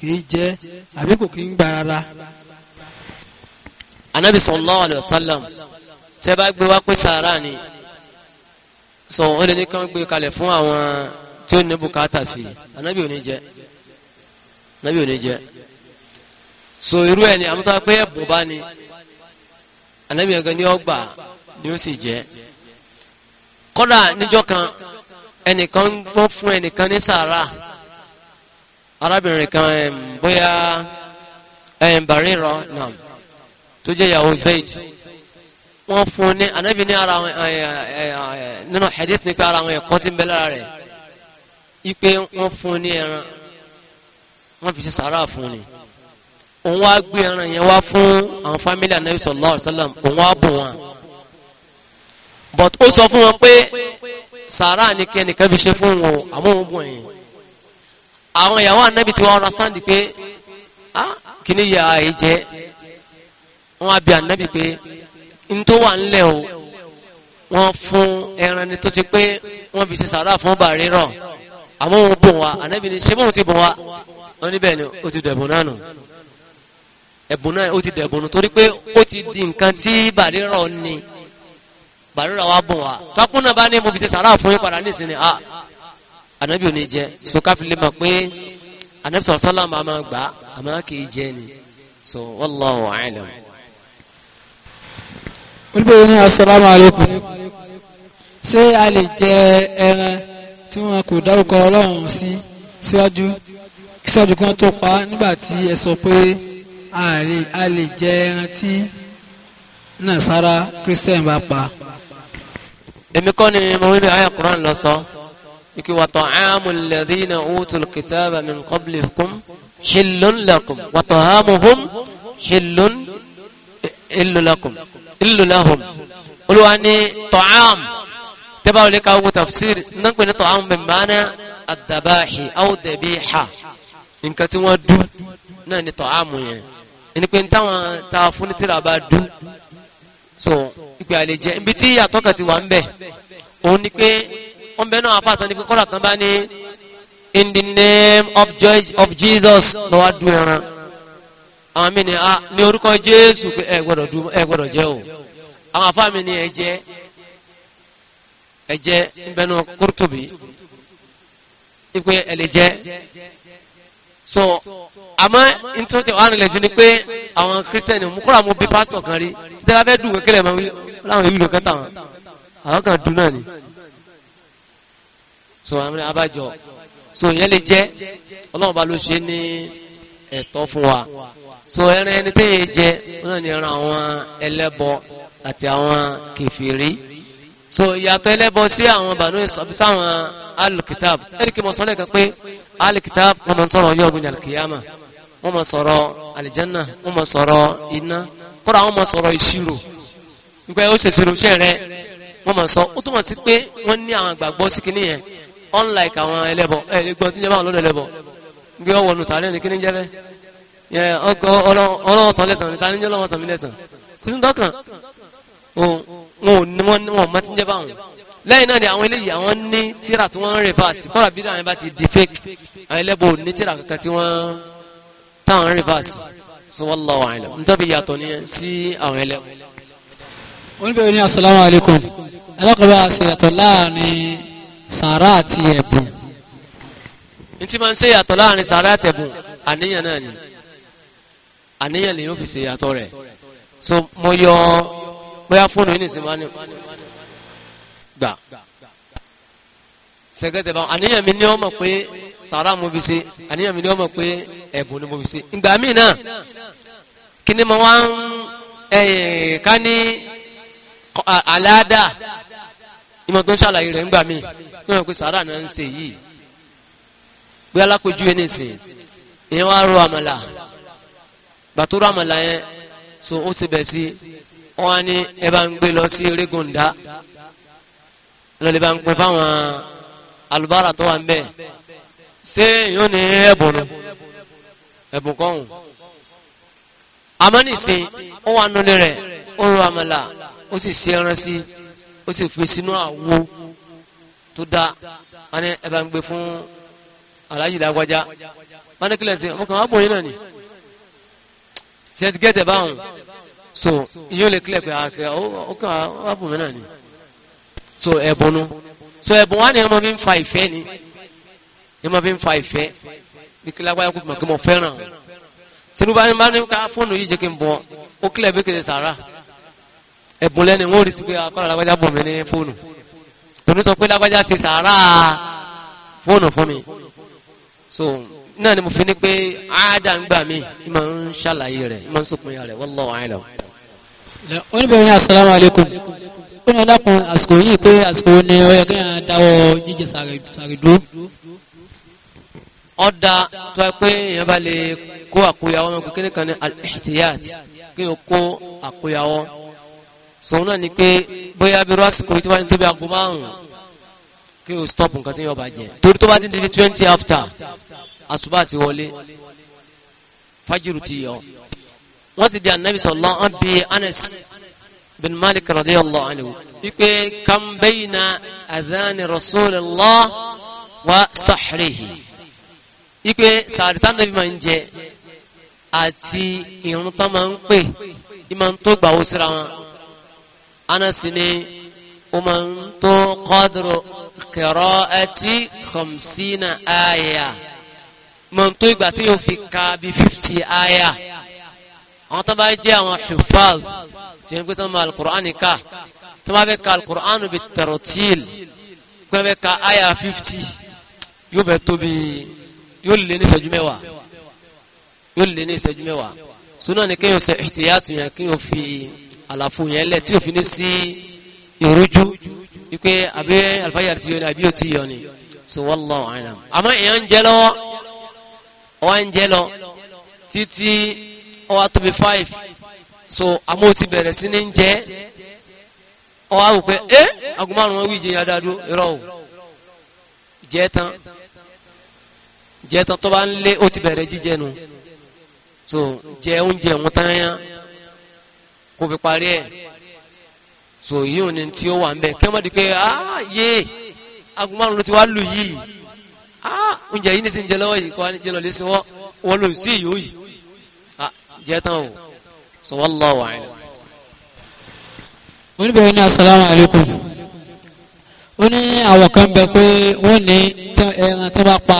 kì í jẹ́ àbí kò kì í gba rárá. ànábì sallallahu alayhi wa sallam tẹ́ bá gbé wá pé sàrà ni sọ wọn lè ní kí gbé kalẹ̀ fún àwọn tí ó ní bùkátà sí anabi ò ní jẹ anabi ò ní jẹ so irú ẹ ni àmúta pé ẹbùn bá ní anabi ẹgbẹ ni ọgbà ni ó sì jẹ kódà níjọ́ kan ẹnìkan ń gbọ́ fún ẹnìkan ní sàárà arábìnrin kan ẹ̀m bóyá ẹ̀m bàrírọ náà tó jẹ́ ìyàwó Zaid wọ́n fún ní anabi ní ara eh, eh, eh, nínú hadith ní pé ara àwọn ẹ̀kọ́ ti ń bẹ lára rẹ̀ ipe wọ́n fún ní ẹran wọ́n fi ṣe sàárà fún ni òun wá gbé ẹran yẹn wá fún àwọn fámílì anabi sallallahu alaihi òun wá bùn wọn but ó sọ fún wọn pé sàárà ni kí ẹnìkan fi ṣe fún wọn o àmọ́ òun bùn yẹn àwọn ìyàwó anabi tí wọ́n understand pé ah kìíní yà á yìí jẹ wọ́n á bi anabi pé n tó wà ńlẹ̀ o wọ́n fún ẹran ni tó ṣe pé wọ́n fi ṣe sàárà fún bàríràn àmọ́ òun bùn wa ànábì ni ṣé bóun ti bùn wa wọn níbẹ̀ ni ó ti dẹ̀bùn náà nù ẹ̀bùn náà ó ti dẹ̀bùn nù torí pé ó ti di nǹkan tí bàrírọ̀ ni bàrírọ̀ wa bùn wa tọ́kùn náà bá ní mo fi ṣe sàrà fún yín padà nísìnyí a ànábì ò ní jẹ so káfílẹ̀ mọ̀ pé ànábì sọ̀rọ̀ sọ́lá máa máa gbà á máa kì í jẹ ni so wallahu a'lam. olùbẹ̀rẹ̀ ní asalaamualeykum ṣé a lè jẹ ẹran tí wọn kò dárúkọ ọlọ́run sí síwájú síwájú kan tó pa nígbà tí ẹ sọ pé a lè jẹ ẹran tí nasara christian bá pa. èmi kọ́ ni mo ń rí àyà Qur'an lọ sọ ike wa ta'amu alladhina utul kitaba min qablikum hillun lakum wa ta'amuhum hillun illu lakum illu lahum olùwà ni ta'am tẹ́bà لك ka تفسير tafsir nǹkan pè ní tọ́ àwọn mẹ́mánà àdàbáhì àwọn dẹ̀bí ha nǹkan tí wọ́n dú náà ní tọ́ àmù yẹn ẹni pé táwọn ta fún tírà bá dú so ìpè àlejẹ ibi tí yàtọ̀ kan ti wà ń bẹ̀ òun ni pé wọ́n bẹ náà afáàtàn ni pé kọ́lá kan bá ní in the name of, George, of Jesus lọ́wọ́ dú ẹran àwọn mi ni ní orúkọ Jésù pé ẹ gbọ́dọ̀ jẹ o àwọn afáàmì ni ẹ jẹ́ ẹjẹ nbẹnu Qurtubi ipe ẹlẹjẹ so ama ntọ́tẹ̀ wà nílẹ̀ ju ni pé àwọn kírísítẹ́nì mú kọ́ra mo bí pásítọ̀ kan rí títí ẹ bá fẹ́ dùn kékeré máa wí láwọn èmi nìkan táwọn àwọn kan dùn náà so àmì abájọ so ìyẹn lè jẹ ọlọ́run ló ṣe ní ẹ̀tọ́ fún wa so ẹran ẹni tẹ́yẹ jẹ wọn náà ni ẹran àwọn ẹlẹ́bọ àti àwọn kẹfìrí so ìyàtọ̀ ẹlẹ́bọ sí àwọn bànú sáwọn alukitab ẹ̀ríkì mọ̀ sọ́lẹ̀ kan pé alukitab wọ́n mọ̀ sọ̀rọ̀ ọjọ́ ọ̀gbìn alkiyama wọ́n mọ̀ sọ̀rọ̀ alijanna wọ́n mọ̀ sọ̀rọ̀ iná kódà wọ́n mọ̀ sọ̀rọ̀ ìṣirò nígbà ó ṣe ìṣirò ṣẹ́ rẹ wọ́n mọ̀ sọ ó túmọ̀ sí pé wọ́n ní àwọn àgbàgbọ́ sí kinní yẹn unlike àwọn ẹlẹ́bọ ẹ̀ẹ́dẹ́gbọ́n tí ń jẹ́ báwọn lọ́dọ̀ ẹlẹ́bọ gbé ọwọ́ nù sàárẹ̀ ní kinní jẹ́ bẹ́ẹ̀ yẹn ọlọ́wọ́ sọ lẹ́sàn ní tani jẹ́ wọn ò wọn mọ tí ń jẹ́ báwọn lẹ́yìn náà ni àwọn eléyìí àwọn ní tíra tí wọ́n ń rìvásì kọ́ra bí dáhùn bá ti di fake àwọn ẹlẹ́bùn ní tíra kankan tí wọ́n táwọn ń rìvásì so wallahu a'lam nítorí yàtọ̀ ní sí àwọn ẹlẹ́bùn. wọ́n bẹ̀rẹ̀ ní asalaamu alaykum alákọ̀ọ́bá àṣeyàtọ̀ láàrin sàrà àti ẹ̀bùn. n ti máa ń ṣe yàtọ̀ láàrin sàrà àti ẹ̀bùn àníyàn náà ni àníyàn lè yóò fi ṣe rẹ̀ so mo yọ bóyá fóònù yìí nìsín máa gbà sẹgẹtẹ bá àníyàn mi ní ọ pé sàrà mo fi ṣe àníyàn mi ní ọ pé ẹ̀bùn ni mo fi ṣe ìgbà míì náà kí ni mo wá ń ká ní àlàáda ìmọ̀ tó ń ṣàlàyé rẹ̀ ńgbà míì ní wọn pé sàrà náà ń ṣe yìí bí alákojú yẹn nìsín ìyẹn wá ro àmàlà gbàtúrò àmàlà yẹn so ó ṣe bẹ̀ sí wọn á ní ẹ bá ń gbé lọ sí erégundá lọlẹ bá ń pè fáwọn alubára tó wà ń bẹ ṣé yóò ní ẹbùn nù ẹbùn kọ́hún àmọ́ nìsín ó wà nulẹ̀ rẹ̀ ó ro àmàlà ó sì ṣe ẹran sí ó sì fi sínú àwo tó da wọn ni ẹ bá ń gbé fún aláàjì lágbájá wọn ni kílẹ̀ sí ọmọkùnrin wọn bọ̀ yín náà ni sẹ́ńtì gẹ́tẹ̀ báwọn so ìyẹn ò lè kílẹ̀ pé àkẹ́ ah, ó kàn á náà ni so ẹ̀bùn nu so ẹ̀bùn wa ni ẹ máa fi ń fa ìfẹ́ ni ẹ máa fi ń fa ìfẹ́ ní kílẹ̀ wáyé kó fi mọ̀ kí mo fẹ́ràn o tinubu ayé bá ní ká fóònù yìí jẹ́ kí n bọ̀ ó kílẹ̀ bí kìlẹ̀ sàrà ẹ̀bùn lẹ́ni wọ́n rí sí akọ́lá ah, lágbájá bọ̀ mí ní fóònù kò sọ pé lágbájá ṣe sàrà fóònù fún mi so náà ni mo fi ní pé áádà ń gbà mí ìmọ̀ ń ṣàlàyé rẹ̀ ìmọ̀ ń sọkùnrin rẹ̀ wallahu a'lam oníbẹ̀rẹ̀ ní asalaamu aleykum ó ní ọlọ́kùn àsìkò yìí pé àsìkò ní ọyọ kí n dáwọ́ jíjẹ sàrì dúró. ọ̀dà tó ẹ pé èèyàn bá lè kó àkóyawọ́ náà kékeré kan ní al-ihtiyat kí n kó àkóyawọ́ sòun náà ni pé bóyá bí rásìkò tí wọ́n ti tóbi aago márùn-ún kí n stop nǹkan tí yóò bàjẹ́ torí tó bá ti di twenty after àsùbá ti wọlé fájìrù ti yọ wọ́n sì bí anabi sọ̀lọ́ ọ́n bí anas bin malik radiyallahu anhu wípé kam bayna adhani rasulillah wa sahrihi wípé sàrìtà nàbí máa ń jẹ àti irun tó máa ń pè ìmọ̀ tó gbà ó síra wọn anas ni ó máa ń tó qadru qira'ati khamsina aya máa ń tó ìgbà tí yóò fi ka fifty aya àwọn tó bá jẹ́ àwọn hufaz jẹ́ pé tó máa alukur'ani ká tó máa bẹ ka alukur'ani bi tarotil kó bẹ ka aya fifty yóò bẹ tóbi yóò lé ní ìṣẹ́jú mẹ́wàá yóò lé ní ìṣẹ́jú mẹ́wàá sunna ni kéèyàn ṣe ìtìyàtù yẹn kéèyàn fi àlàfo yẹn lẹ̀ tí òfin ní sí ìrújú wípé àbí alifáyàrì ti yọ ni àbí yóò so wallahu a'lam àmọ́ èèyàn lọ́wọ́ wọ́n ń jẹ́ lọ títí ọwọ́ tó bí five so àmọ́ ti bẹ̀rẹ̀ sí ní jẹ́ ọwọ́ àwò pé ẹ́ eh, agunmárùn wọn wí ìjẹyà dáadó irọ́ o jẹ́ tán jẹ́ tán tó bá ń lé ó ti bẹ̀rẹ̀ jíjẹ nu so jẹ oúnjẹ òun tán yá kó fi parí ẹ̀ so yíò ni tí ó wà ń bẹ kí wọ́n di pé ah yé agunmárùn ló ti wá lù yìí ah oúnjẹ yìí ní sin jẹ lọ́wọ́ yìí kó wá jẹ lọ lé sí wọ́n wọ́n lò sí ìyó yìí jẹ́ tán o sọ wallahu a'lam. oníbẹ̀rẹ̀ ní asalaamu alaykum ó ní àwọn kan bẹ pé wọ́n ní ẹran tí wọ́n bá pa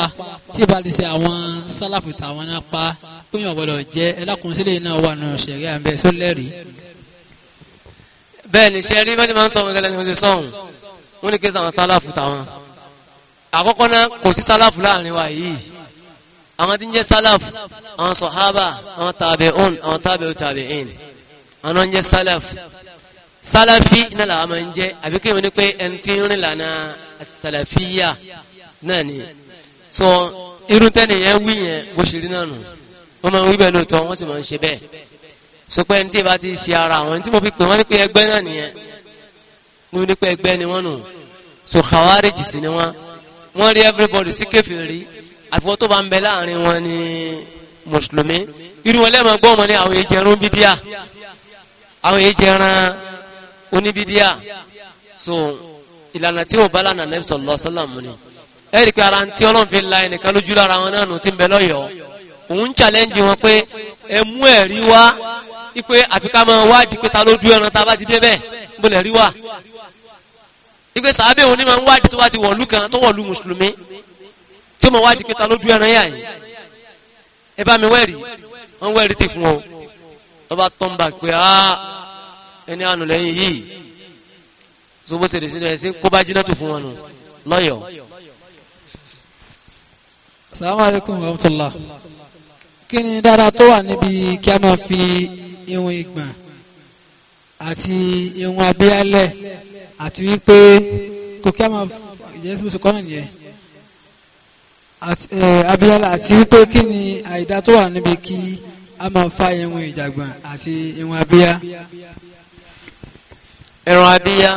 tí ìbá ti ṣe àwọn sálàfù táwọn náà pa pé yàn gbọ́dọ̀ jẹ́ ẹlákùnsílẹ̀ náà wà nù sẹ̀rí àbẹ̀ tó lẹ́rìí. bẹ́ẹ̀ ni sẹ́rí bẹ́ẹ̀ ni máa ń sọ wọn ni mo ti sọ̀hún wọ́n ní kí sàwọn sálàfù táwọn àkọ́kọ́ náà kò sí sálàfù láàrin wa yìí àwọn tí ń jẹ́ salaf àwọn sọ̀hábà àwọn tàbí'un àwọn tàbí'u tàbí'in àwọn ń jẹ́ salaf salafi náà làwọn máa ń jẹ́ àbí kí wọ́n ní pé ẹni tí ń rìn lànà salafiya náà ni so irú tẹ́nì yẹn wí yẹn bó ṣe rí náà nù máa ń wí bẹ́ẹ̀ lóòótọ́ wọ́n sì máa ń ṣe bẹ́ẹ̀ so pé ẹni tí ìbá ti ṣe ara àwọn tí mo fi pè wọ́n ní pé ẹgbẹ́ náà nìyẹn mo ní pé ẹgbẹ́ ni wọ́n nù so khawarij sì ni wọ́n wọ́n rí everybody sí kèfèrí àfikọ́ tó bá ń bẹ láàrin wọn ni mùsùlùmí irú wọn lẹ́mọ̀ gbọ́ wọn ni àwọn èèjẹ̀ ẹran bídíà àwọn èèjẹ̀ ẹran oníbídíà so ìlànà tí ò bá lànà Nabi sallallahu alaihi wasallam ni ẹ̀rí pé ara ti ọlọ́run fi la ẹnìkan lójú lára wọn náà nù ti ń bẹ lọ́yọ̀ọ́ òun challenge wọn pé ẹ mú ẹ̀rí wá ipe àfikà máa wádìí pé ta lójú ẹran ta bá ti dé bẹ́ẹ̀ bó lẹ̀ rí wá ipe sàábẹ̀ òun ni máa ń wádìí tó bá ti wọ̀lú kan tó wọ̀lú mùsùlùmí tí mo wá di kíta lójú ẹran yá yìí ẹ bá mi wẹ́rì wọ́n wẹ́rì ti fún ọ lọ́ba tó ń bà pé á ẹni àánú lẹ́yìn yìí so bó ṣe lè ṣe ṣe kó bá jiná tó fún wọn nù lọ́yọ̀. assalamu alaikum warahmatullah kí ni dáadáa tó wà níbi kí a máa fi irun ìgbọ̀n àti irun abíyálẹ̀ àti wípé kò kí a máa ìjẹ́sí bó ṣe kọ́ nìyẹn. Eh, abiyala àti wípé kí ni àìdá tó wà níbi kí a máa fa irun ìjàgbọ̀n àti irun abíyá. irun abíyá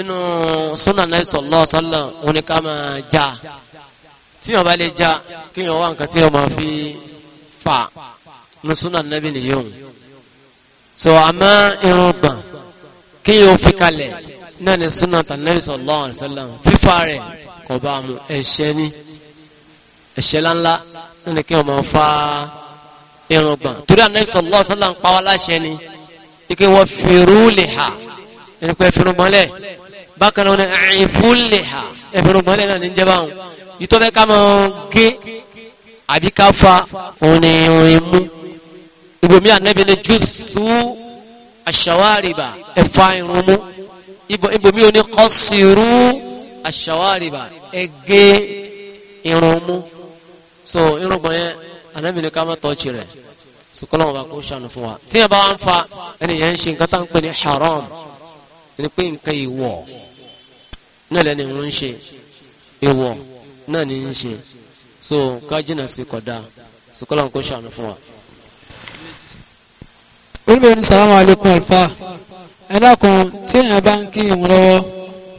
inú sunan nabi sallallahu alaihi wasallam òun ni ká máa já tíyàn bá lè já kíyàn wá nǹkan tíyàn máa fi fà nu sunan nabi nìyóò so àmọ́ irun gbọ̀n kíyàn fi kalẹ̀ náà ni sunan tàn nabi sallallahu alaihi wasallam fífa rẹ̀ kò bá mu ẹ̀ṣẹ̀ ni ẹ̀ṣẹ̀ ńláńlá nínú kí wọ́n máa fa irun gbọ̀n torí anabi sallallahu alaihi wasallam ń pa wá láṣẹ ni ike wọ́n fìrú lè ha ẹni pé fìrú mọ́lẹ̀ bákan náà ẹ̀yìn fún lè ha ẹ̀fìrú mọ́lẹ̀ náà ní jẹ́ báwọn ìtọ́ bẹ́ẹ̀ ká máa gé àbí ká fa òun ni òun mú ibòmí anabi ni jùsù aṣàwárìbà ẹ̀fà irun mú ibòmí òní kọ́ sírú aṣàwárìbà ẹ̀gẹ́ irun mú so irúgbọ̀n yẹn anabi ni ká má tọ́ọ̀chì rẹ̀ wọn bá kó sànù fún wa tí yẹn bá ń fa ẹni yẹn ń ṣe nǹkan tá ń pè ní haram ẹni pé nǹkan ìwọ̀ náà lẹ́ni ń ṣe ìwọ̀ náà ni ń ṣe so ká jìnnà sí kódà sukọ́lọ́ wọn kó sànù fún wa. olùbẹ̀rẹ̀ ní sàlámù alaykum alfa ẹ dákun tí yẹn bá ń kí ìrun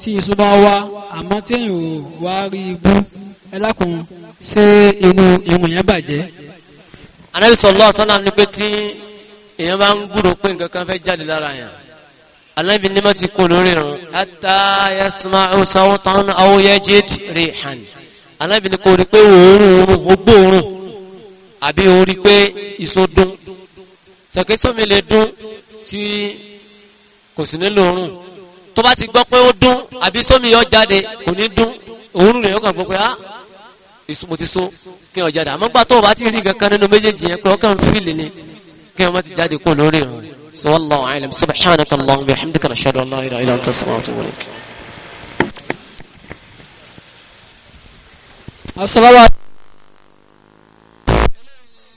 tí ìṣúná wá àmọ́ tí yẹn ò wá rí ibú ẹ lákun ṣé inú ìwọ̀n yẹn bàjẹ́. anabi sallallahu alaihi wasallam ní pé tí èèyàn bá ń gbúrò pé nǹkan kan fẹ́ jáde lára yẹn anabi ní ma ti kó lórí irun ata yasma'u sawtan aw yajid rihan anabi ní kó rí pé òórùn òórùn ó gbóòórùn àbí ó rí pé ìso dún sọkẹsọmi lè dún tí kò sí nílò òórùn tó bá ti gbọ́ pé ó dún àbí sómi yọ jáde kò ní dún òun rẹ̀ ó kàn gbọ́ pé á ah, ìsúnmọ̀ ti sún kí wọ́n jáde àmọ́ gbà tó o bá ti rí nǹkan nínú méjèèjì yẹn pé ọkàn fíìlì ni kí wọ́n ti jáde kó lórí rẹ̀ sallallahu alam subhanaka allahumma bihamdika nashhadu an la ilaha illa anta astaghfiruka wa atubu ilaik. asalaamualeykum.